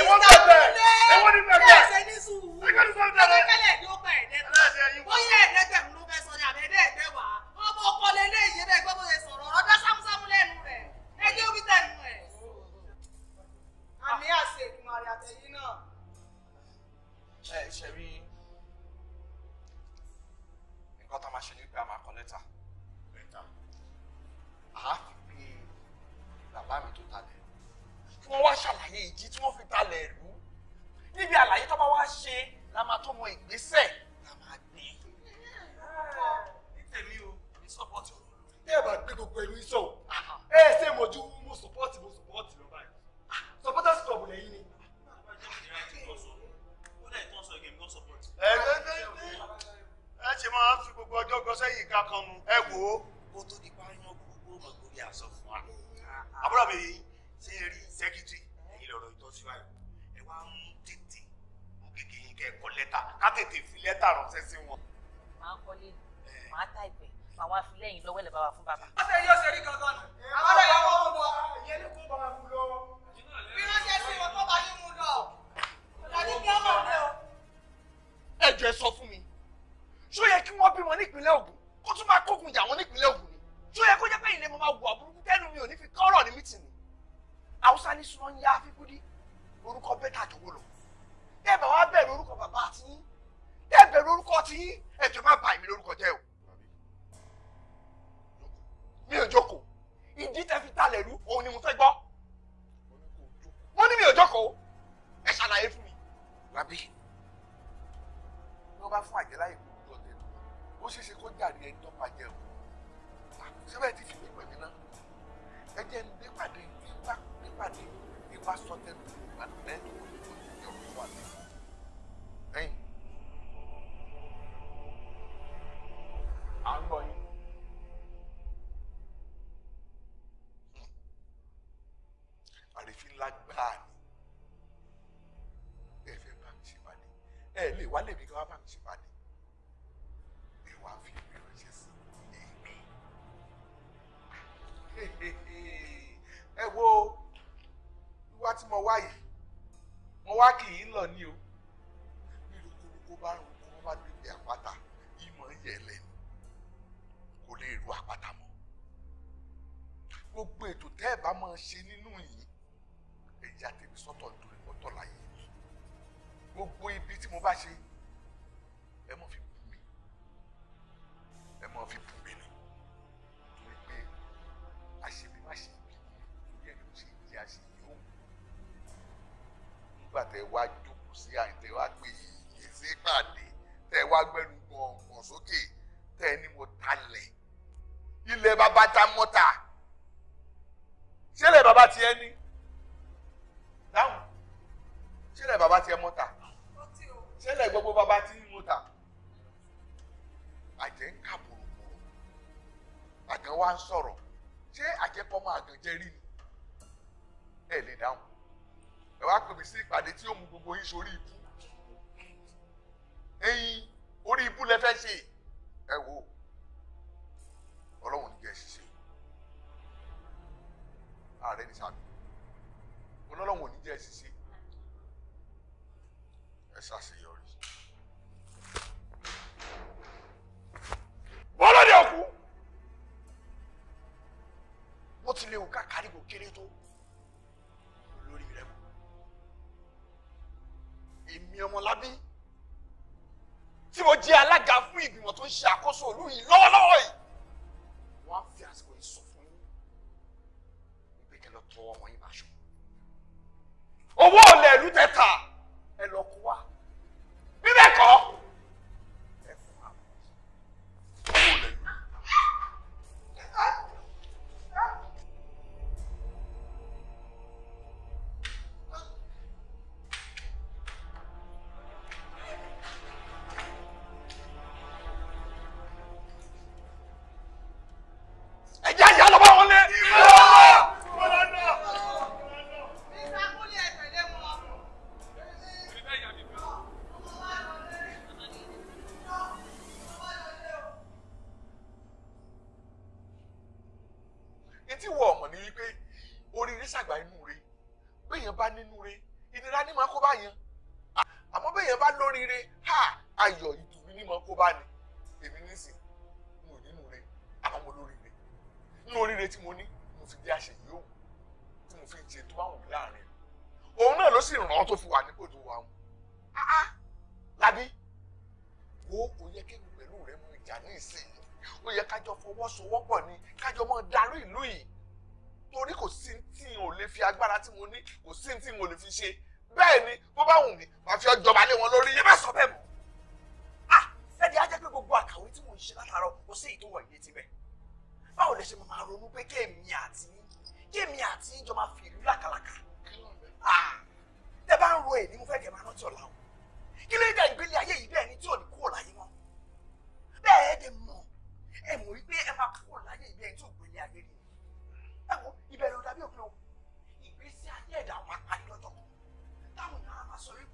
Èwo ní bẹ̀rẹ̀? Èwo ní bẹ̀rẹ̀? Ẹ̀sẹ̀ ní sùúrù. Ẹ̀sẹ̀ ní sùúrù. Ẹ̀sẹ̀kẹ̀lẹ̀ ni ó gba ẹ̀ẹ́dẹ́gbẹ̀rún. Bóyá ẹ̀ẹ́dẹ́gbẹ̀rún ló fẹ́ sọ ní àbẹ́ẹ́dẹ́gbẹ̀wá. Ọmọ ọkọ lélẹ́yìí ẹ̀rẹ́ gbọ́ bó ṣe sọ̀rọ̀ ọ̀rọ̀ dá sámúsámú lẹ́nu rẹ̀. Ẹjẹ́ ó fi tẹnu ẹ̀. Àmì àṣẹ ìdùnmọ̀rẹ̀ àtẹ̀yìn náà. Ẹ ṣe rí nǹkan tó máa ṣe ní pé a máa kọ lẹ́tà. Lẹ́tà. Àá fi pé bàbá mi tó talẹ̀ tí wọ́n wá ṣàlàyé ìjì tí wọ́n fi talẹ̀ rú níbi àlàyé tó bá wá ṣe la máa tó mọ ìgbésẹ̀ la máa gbé. ní tèmi o ní sọ́pọ́tì ọ̀rọ̀ bí ẹ bá gbé gbogbo ẹ̀rú iṣọ́ o ẹ ẹ ṣe mọ̀jú mo sọ́pọ́tì mo sọ́pọ́tì lọ́ba yìí sọ́pọ́tàsì tọ̀bù lẹ́yìn ni. ẹ ṣe máa ń fi gbogbo ọjọ́ gbọ́ sẹ́yìn ká kan nu ẹ wò ó kó tó di pa yan gbogbo ọmọ lórí àṣọ fún wa àbúrò mi yìí ṣé ẹ rí sẹ́kítírì ẹ̀yin lọ́rọ̀ ìtọ́síwájú ẹ wá ń tètè mú kékeré yín kẹ́ ẹ kọ lẹ́tà ká tètè fi lẹ́tà ránṣẹ́ sí wọn. màá kọ́lé màá tà ìpè màá wá fi lẹ́yìn lọ́wọ́ ẹ̀ bàbá fún bàbá. wọ́n ṣe yóò ṣe rí gangan nù àwọn ọ̀rẹ́ yẹn wọ́n mú lọ ìyẹn ní kó bá wa mú lọ. bí wọ́n ṣe sí wọn tó bá yín mú lọ ọ̀dàdí kí wọ́n mọ̀ ẹ jọ̀ọ́ ẹ sọ fún mi ṣó yẹ kí wọ́n bímọ nípínlẹ̀ Ògùn kó tún máa kógun jà wọ́n nípínlẹ̀ Ògùn ṣó yẹ kó haúsá ní súná ń yá fífúdí orúkọ bẹ́tà àjọwọ́ lọ tẹ́ bá wá bẹ̀rù orúkọ bàbá àtìyín tẹ́ bẹ̀rù orúkọ tìyín ẹ̀jọ̀ má bà mí lórúkọ jẹ́ o mi ò jókòó ìdí tẹ́ fi talẹ̀ lú òun ni mo fẹ́ gbọ́ wọ́n ní mi ò jókòó ẹ ṣàlàyé fún mi. rabi wọ́n bá fún àjẹláyè kó lọ tẹ̀ ó ṣeé ṣe kó jàre ẹni tó pàjẹ́ o ṣẹ́fẹ̀ẹ́ ti fi mí pẹ̀mí ná ẹ jẹ́ ń dé pàdé yìí. Paris. Eu faço só tempo, né? ẹ̀ lè dáhùn ẹ wá pèmí sí ìpàdé tí ó mú gbogbo yín sórí ibú ẹ̀yin orí ibú lẹ fẹ́ ṣe ẹ wò ọlọ́run níjẹ́ ṣiṣẹ́ ààrẹ ní sàmì ọlọ́run níjẹ́ ṣiṣẹ́ ẹ ṣàṣeyọrí. bọ́lá ni ọkú wọ́n ti lè wù ká kárí kò kéré tó. ṣàkóso ìlú yìí lọ́wọ́. fọwọ́sowọ́pọ̀ ni kájọ mọ́ darí ìlú yìí torí kò sí tí n ò lè fi agbára tí mo ní kò sí tí n ò lè fi ṣe bẹ́ẹ̀ ni bó bá wù mí màá fi ọjọ́ balẹ̀ wọn lórí yẹn má sọ bẹ́ẹ̀ mọ́ ah ẹ̀dí ajẹ́ pé gbogbo àkàwé tí mò ń ṣe látàárọ̀ kò sí ìtòwọ̀ ìyẹn ti bẹ̀ báwo lẹ ṣe máa ronú pé kéèmí àti kéèmí àti ìjọ máa fi ìlú làkàlàkà ah tẹ bá ń ro èmi mo fẹ́ kẹ́ máa rántí ọ̀la o kí ló ìgbélé ayé சொல்லிட்டு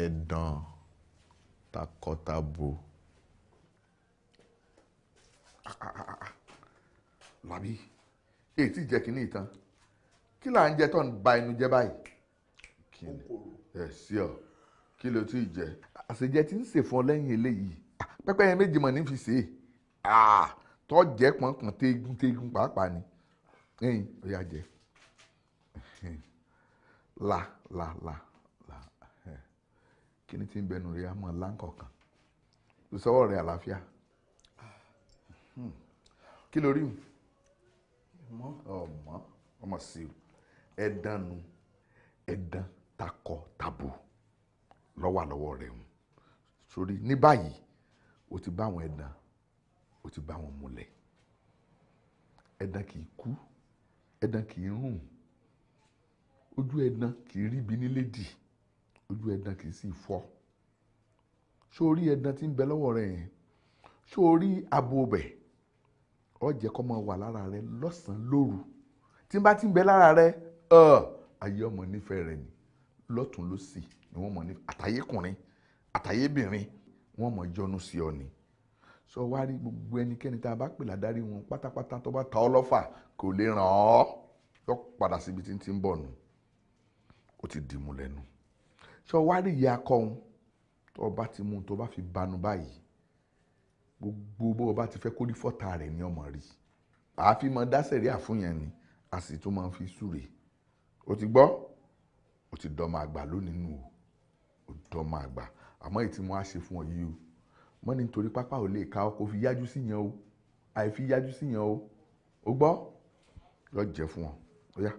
ẹ̀dàn takọtabo. Làbí, èyí tí jẹ́ kínní ìtàn. Kí là ń jẹ tó ń ba inú jẹ báyìí? Kíni? Ẹ sí ọ, kí ló tí ì jẹ? Àṣejẹ tí ń sè fún ọ lẹ́yìn eléyìí. Pẹ́pẹ́ yẹn méjì mọ̀ ní fi sè é. Tọ́ jẹ́ pọ̀npọ̀n téégún téégún pàápàá ni. Ẹyin, ó yà jẹ. La la la kíní tí ń bẹnu rẹ á mọ láǹkọ̀ọ̀kan ìsọwọ́ rẹ àlàáfíà hmm. kí ló rí ọmọ ọmọ sí o ẹ̀dán nu ẹ̀dán takọ tabo lọ́wọ́ àlọ́wọ́ rẹ o sórí ní báyìí o ti bá àwọn ẹ̀dán o ti bá wọn múlẹ̀ ẹ̀dán kì í kú ẹ̀dán kì í rùn ojú ẹ̀dán kì í rí ibi nílé dì ojú ẹ̀dán kì í sì fọ́ ṣó o rí ẹ̀dán tí ń bẹ lọ́wọ́ rẹ yẹn ṣó o rí abo bẹ̀ ọ jẹ́ kó máa wà lára rẹ lọ́sàn-án lóru tí n bá ti ń bẹ lára rẹ ayé ọmọ nífẹ̀ẹ́ rẹ ni lọ́tún ló sì ni wọ́n mọ̀ ní àtàyékùnrin àtàyébìnrin wọ́n mọ̀ jọnu sí ọ ni sọ wá rí gbogbo ẹnikẹ́ni tá a bá pè ládarí wọn pátápátá tó bá ta ọ lọ́fà kò lè ràn ọ́ yọ padà síbi tí ń bọ̀ nù ó ti dìmú lẹ́nu ṣé ọ wá rí ìyá akọ òun tó o bá ti mú un tó bá fi banu báyìí gbogbo bó o bá ti fẹ́ kó rí fọ́tà rẹ̀ ní ọmọ rí àáfi mọ dásẹ̀rí àfúnyẹn ni a sì tún máa fi súre o ti gbọ́ o ti dọ́mọ àgbà lónìí nù o dọ́mọ àgbà àmọ́ èyí tí mo á ṣe fún ọ yìí o mọ́ ni nítorí pápá ò lè ka ọ kó fi yájú sí yẹn o àìfi yájú sí yẹn o o gbọ́ yọ jẹ fún ọ ó yá.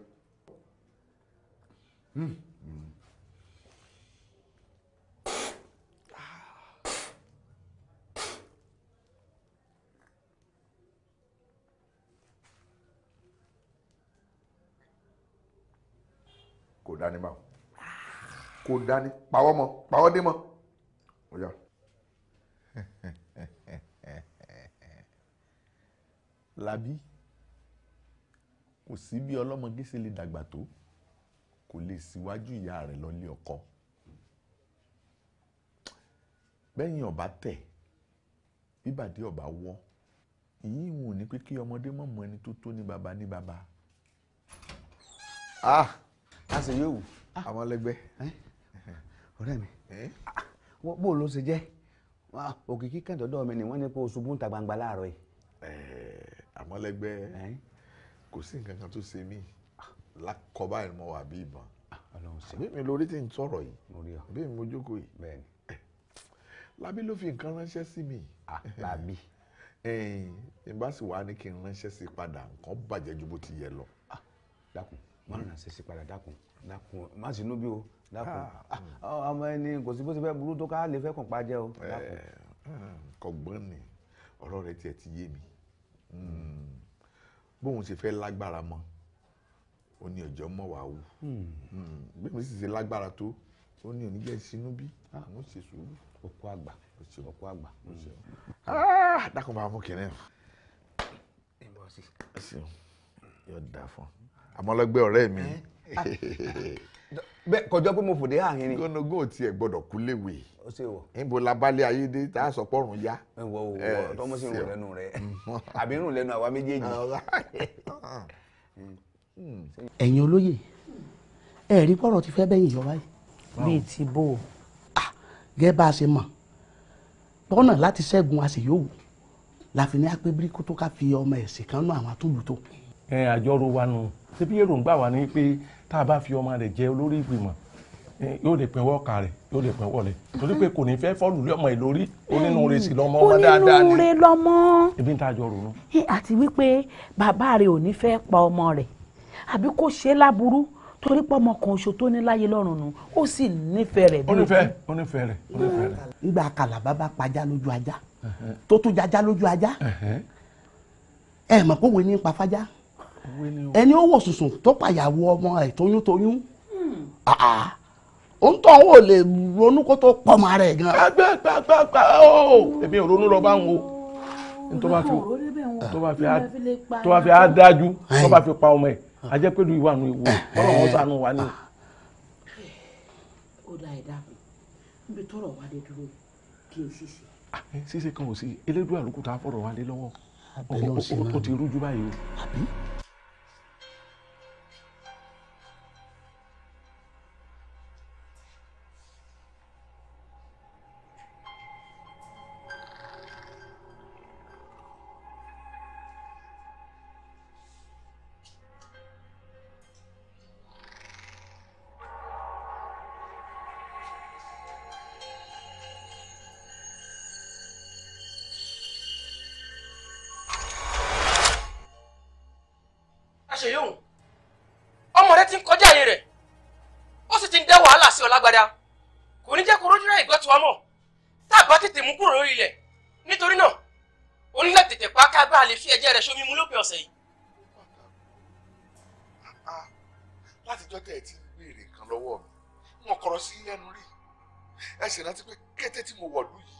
Hmm. kò dání báwọn kò dání pàwọ́ mọ́ pàwọ́ dé mọ́ ó yá. làbí kò sí bí ọlọ́mọge ṣe lè dàgbà tó kò lè síwájú ìyá rẹ̀ lọ́lé ọkọ bẹ́yìn ọba tẹ̀ bíbàdí ọba wọ́ ìyí ìwọ̀n ni pé kí ọmọdé mọ̀mọ́ ẹni tó tó ní baba ní baba. ah a sì yóò wù ah. àwọn ẹlẹgbẹ́. Eh? ọ̀rẹ́ mi eh? bó ló ṣe jẹ́ òkìkí kẹ́ńtọ́dọ̀ mi ni wọ́n ní kó o ṣubú ń ta gbangba láàárọ̀ yìí. Eh, àmọ́ lẹ́gbẹ́ kò sí nǹkan kan tó ṣe mí ah. lákọ̀ọ́bá ẹ̀ wà bí ìbọn ah, bí mi lórí tí ń sọ̀rọ̀ yìí bí mi mo jókòó yìí lábí ló fi nǹkan ránṣẹ́ sí mi. labi, ẹ̀yìn ìbá sì wá ní kí n ránṣẹ́ sí padà nǹkan bàjẹ́ ju bó ti yẹ lọ. dákun wọn nana ṣe sí padà dákun dákun má sì nú bí o dákun ah. Ah, ah, ọmọ ẹni kò sí bó ti fẹ́ burú tó ká lè fẹ́ kàn pa jẹ́ o eh, dákun. kọ̀gbọ́n ni ọ̀rọ̀ rẹ tiẹ̀ ti yé mi hmm, bóun ṣe fẹ́ lágbára mọ́ ó ní ọjọ́ mọ̀ wá wù hmm. Hmm, bí sì ṣe lágbára tó ó ní oníjẹ́ sínú bí àwọn ṣe sùúrù. okú àgbà okú àgbà. dákun bá mú kìnìún. ẹ bọ́ sí. yóò dáa fún un àmọ́ lọ́gbẹ́ ọ̀rẹ́ mi. Eh, ah. bẹ́ẹ̀ kọjọ́ pé mo fòdé àhín ni. gbọ́nogún ò tiẹ̀ gbọ́dọ̀ kú léwe. ó ṣe wọ. níbo labalẹ̀ ayé dé tá a sọ pọ́run yá. ẹ wọ wọ tọmọ sí irun lẹ́nu rẹ mm-hmm. àbí irun lẹ́nu àwa méjèèjì. Mm. Mm. ẹ̀yin olóyè ẹ rí pọ̀rọ̀ ti fẹ́ bẹ́yìn ìjọba yìí. bíi ti bó o. Ah, gẹ́gẹ́ bá a ṣe mọ̀ tọ́nà láti ṣẹ́gun àṣeyọ̀wò la fi ní apẹ́ bíríkótó ká fi ọmọ ẹ̀sìn kan náà àwọn àtúntò. ẹ àjọrò wa nù. No ṣé bí èròǹgbà wà ní pé tá a bá fi ọmọ rẹ̀ jẹ olórí ìgbìmọ̀ yóò lè pẹ́wọ́ ọkà rẹ̀ yóò lè pẹ́wọ́ rẹ̀ torí pé kò ní fẹ́ fọ́ọ̀lù lé ọmọ ìlórí onínúure sì lọ́mọ ọmọ dáadáa ni onínúure lọ́mọ ibi ń tajọ rò ó. àti wípé bàbá rẹ̀ ò ní fẹ́ pa ọmọ rẹ̀ àbí kò ṣe é láburú torí pé ọmọ kan ṣo tó ní láyé lọ́rùn nu ó sì nífẹ̀ẹ́ rẹ̀ bí ó nífẹ̀ẹ́ ó nífẹ̀ẹ́ rẹ̀ pajá lójú ajá tó tún jajá lójú ajá ẹ mọ̀ kó wo ní pa fájá ẹni ó wọ̀ sùsùn tó pàyàwó ọmọ ẹ̀ tóyún tóyún ó ń tọ́ ò lè ronú kó tó pọ̀ mọ́ ara gan. àgbà àgbà àgbà àgbà ó èmi ò ronú lọ bá wọn o tó bá fi tó bá fi tó tó bá fi pa ọmọ ẹ̀ a pé lu ìwà nu ìwò ọlọ́run ó ṣàánú wa ni. ó ah, kan ò sí elédùn àlùkù tá wa lé lọ́wọ́ ó ti rújú báyìí o. agbada kò ní jẹ́ kó rójú ráì gbọ́ tiwa mọ̀ tá a bá tètè mú kúrò lórí ilẹ̀ nítorí náà ó ní láti tètè pa ká bá a lè fi ẹ̀jẹ̀ rẹ̀ sómi mu lópin ọ̀sẹ̀ yìí. Ah, ah, ah. láti jọ́ tẹ̀ tí béèrè nǹkan lọ́wọ́ mi wọn kọ̀rọ̀ sí ẹnu rí ẹ sì rántí pé kété tí mo wọ̀lú yìí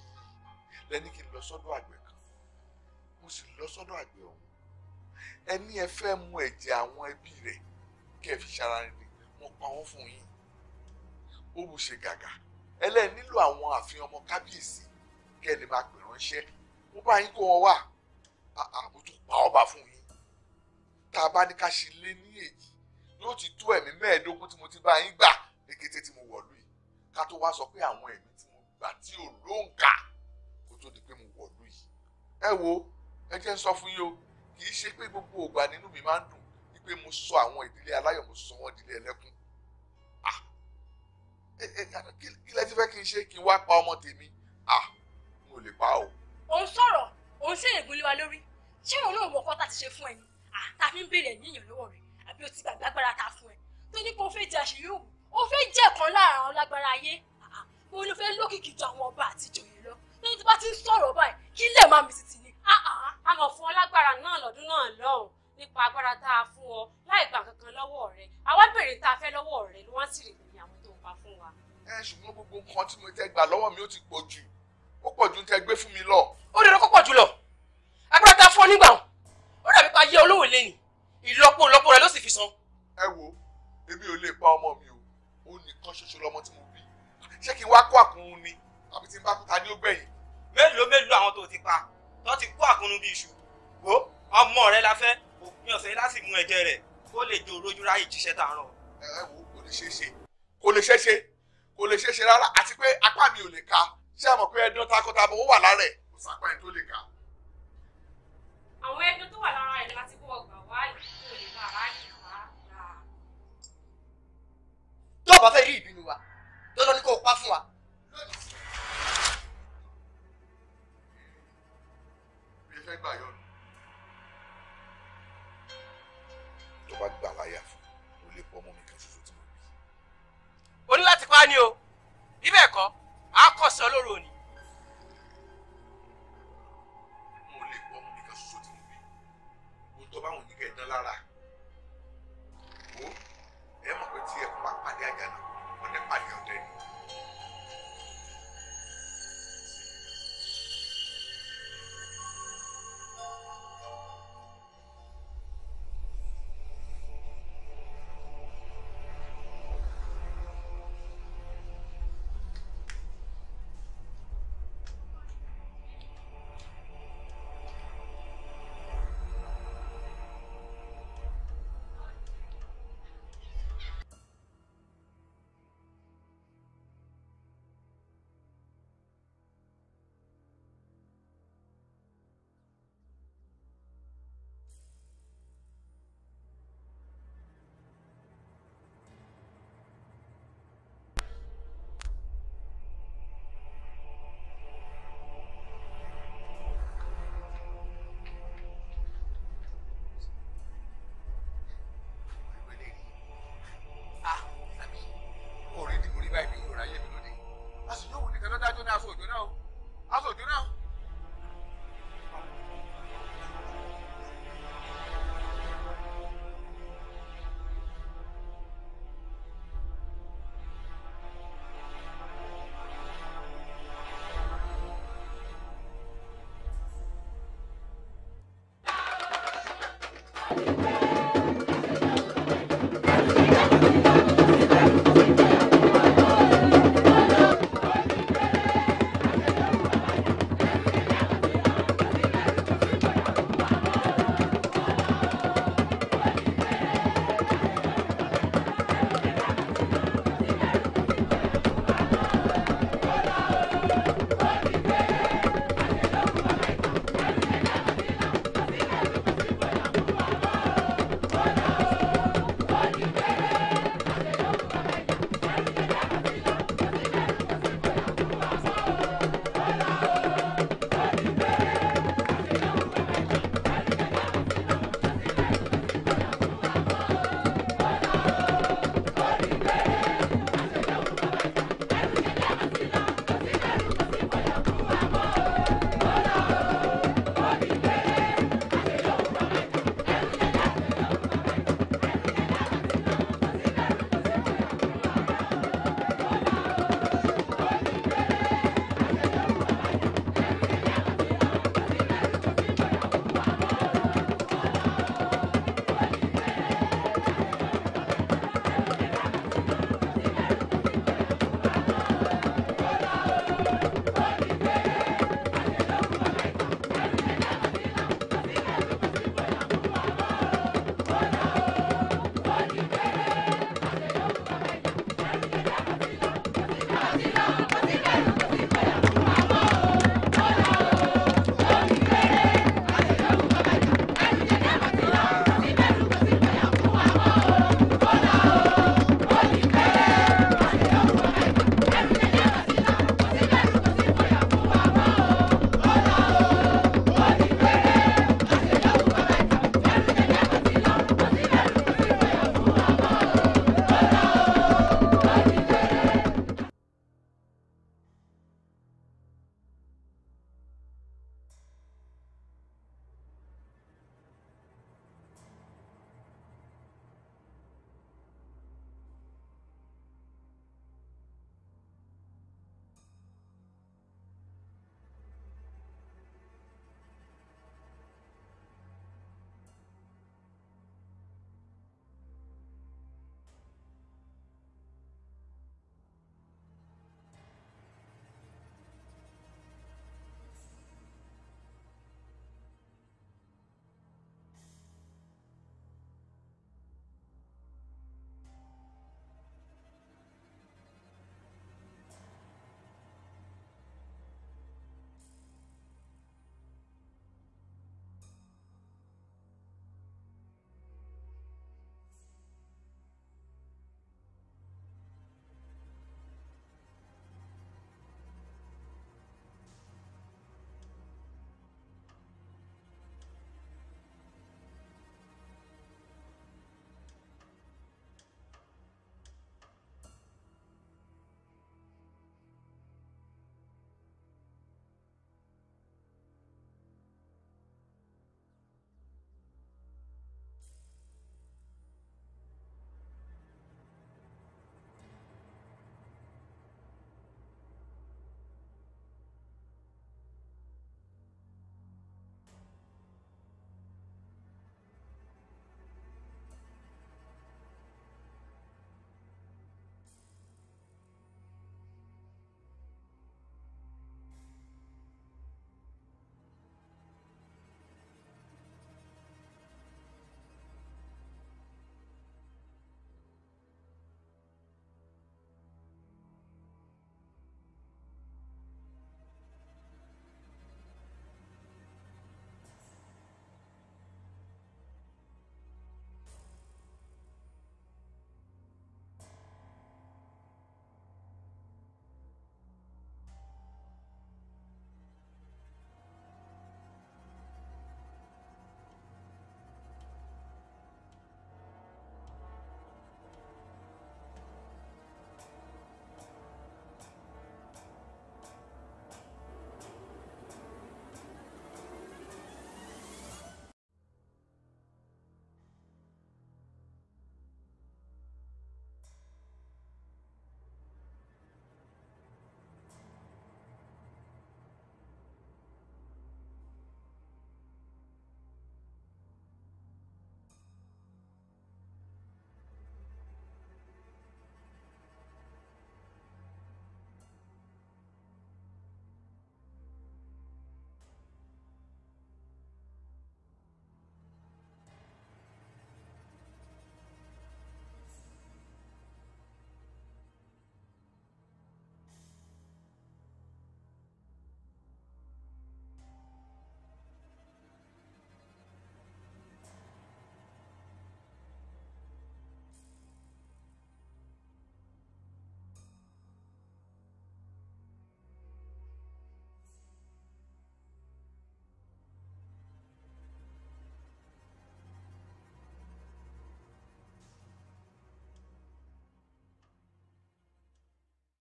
lẹ́ni kí n lọ sọ́dọ̀ àgbẹ̀ kan mo sì lọ sọ́dọ̀ àgbẹ̀ ọ̀hún ẹni ẹ fẹ́ mu ẹ̀jẹ̀ àwọn ẹbí rẹ̀ kí ẹ fi ṣara rẹ̀ mo pa wọ́n fún yín ó wù ṣe gàgà ẹlẹ́ẹ̀ nílò àwọn àfihàn ọmọ kábíyèsí kẹ́ ẹ máa pè ránṣẹ́ mo bá yín kó wọn wá àbò tó pa ọba fún yín tá a bá ní ká ṣe lé ní èyí yóò ti tó ẹ̀mí mẹ́ẹ̀ẹ́dógún tí mo ti bá yín gbà ní kété tí mo wọ̀lú yìí ká tó wá sọ pé àwọn ẹ̀mí tí mo gbà tí ò lóǹkà kó tó di pé mo wọ̀lú yìí ẹ wo ẹ jẹ́ ń sọ fún yín o kì í ṣe pé gbogbo ògbà nínú mi máa ń dùn wípé mo sọ àwọn ìdílé aláyọ̀ mo sọ wọ́n ìdílé ẹlẹ́kún Eh, eh, kí lẹ ti fẹ́ kí n ṣe kí n wá pa ọmọ tèmi ah n ò lè pa o. ò ń sọ̀rọ̀ ò ń ṣe ìgúnlé wa lórí ṣé òun náà mọ ọkọ tá ti ṣe fún ẹni tá a fi ń béèrè ẹ̀mí èèyàn lọ́wọ́ rẹ̀ àbí o ti gbàgbé agbára tá a fún ẹ tó ní kó o fẹ́ di àṣírí òun o fẹ́ jẹ́ kan lára àwọn lágbára ayé mo ló fẹ́ lókìkí ju àwọn ọba àti ìjòyè lọ lẹ́yìn tí bá ti ń sọ̀rọ̀ báyìí kí lè má mi sì a mọ̀ fún ọ lágbára náà lọ́dún náà lọ́hùn nípa tá a fún ọ láì gbà kankan lọ́wọ́ rẹ̀ àwa a fẹ́ lọ́wọ́ rẹ̀ ni wọ́n sì fún wa. ẹ ṣùgbọ́n gbogbo nǹkan tí mo tẹ gbà lọ́wọ́ mi ó ti pọ̀ jù ó pọ̀ jù tẹ gbé fún mi lọ. ó dẹ̀rọ kó pọ̀ jù lọ agbára ta fún ọ nígbà ó dàbí pa ayé olówó lé ní ìlọ́po ìlọ́po rẹ ló sì fi san. ẹ wo èmi ò lè pa ọmọ mi o ó nìkan ṣoṣo lọmọ tí mo bí ṣé kí n wá kó àkúnrun ni àbí tí n bá kú ta ní ó gbẹ̀yìn. mélòó mélòó àwọn tó ti pa tó ti kó àkúnrun bí iṣu wo ọmọ rẹ la fẹ́ òpin ọ̀sẹ̀ láti mú ẹ̀jẹ̀ rẹ̀ kó lè jòrò ojú ráyè jíṣẹ́ tààrọ̀. ẹ wo kò ní ṣeé ṣe kò lè ṣeé ṣe kò lè ṣeé ṣe rárá àti pé apá mi ò lè ka ṣé àmọ̀ pé ẹdun takọtabo ó wà lára ẹ̀ kò sápá ẹ̀ tó lè ka. àwọn ẹdun tó wà lára ẹ̀ láti kó ọgbà wá ìdílé òde náà ráàyè wá tó o bá ìbínú wa tó lọ ní kó o pa fún wa Thank you.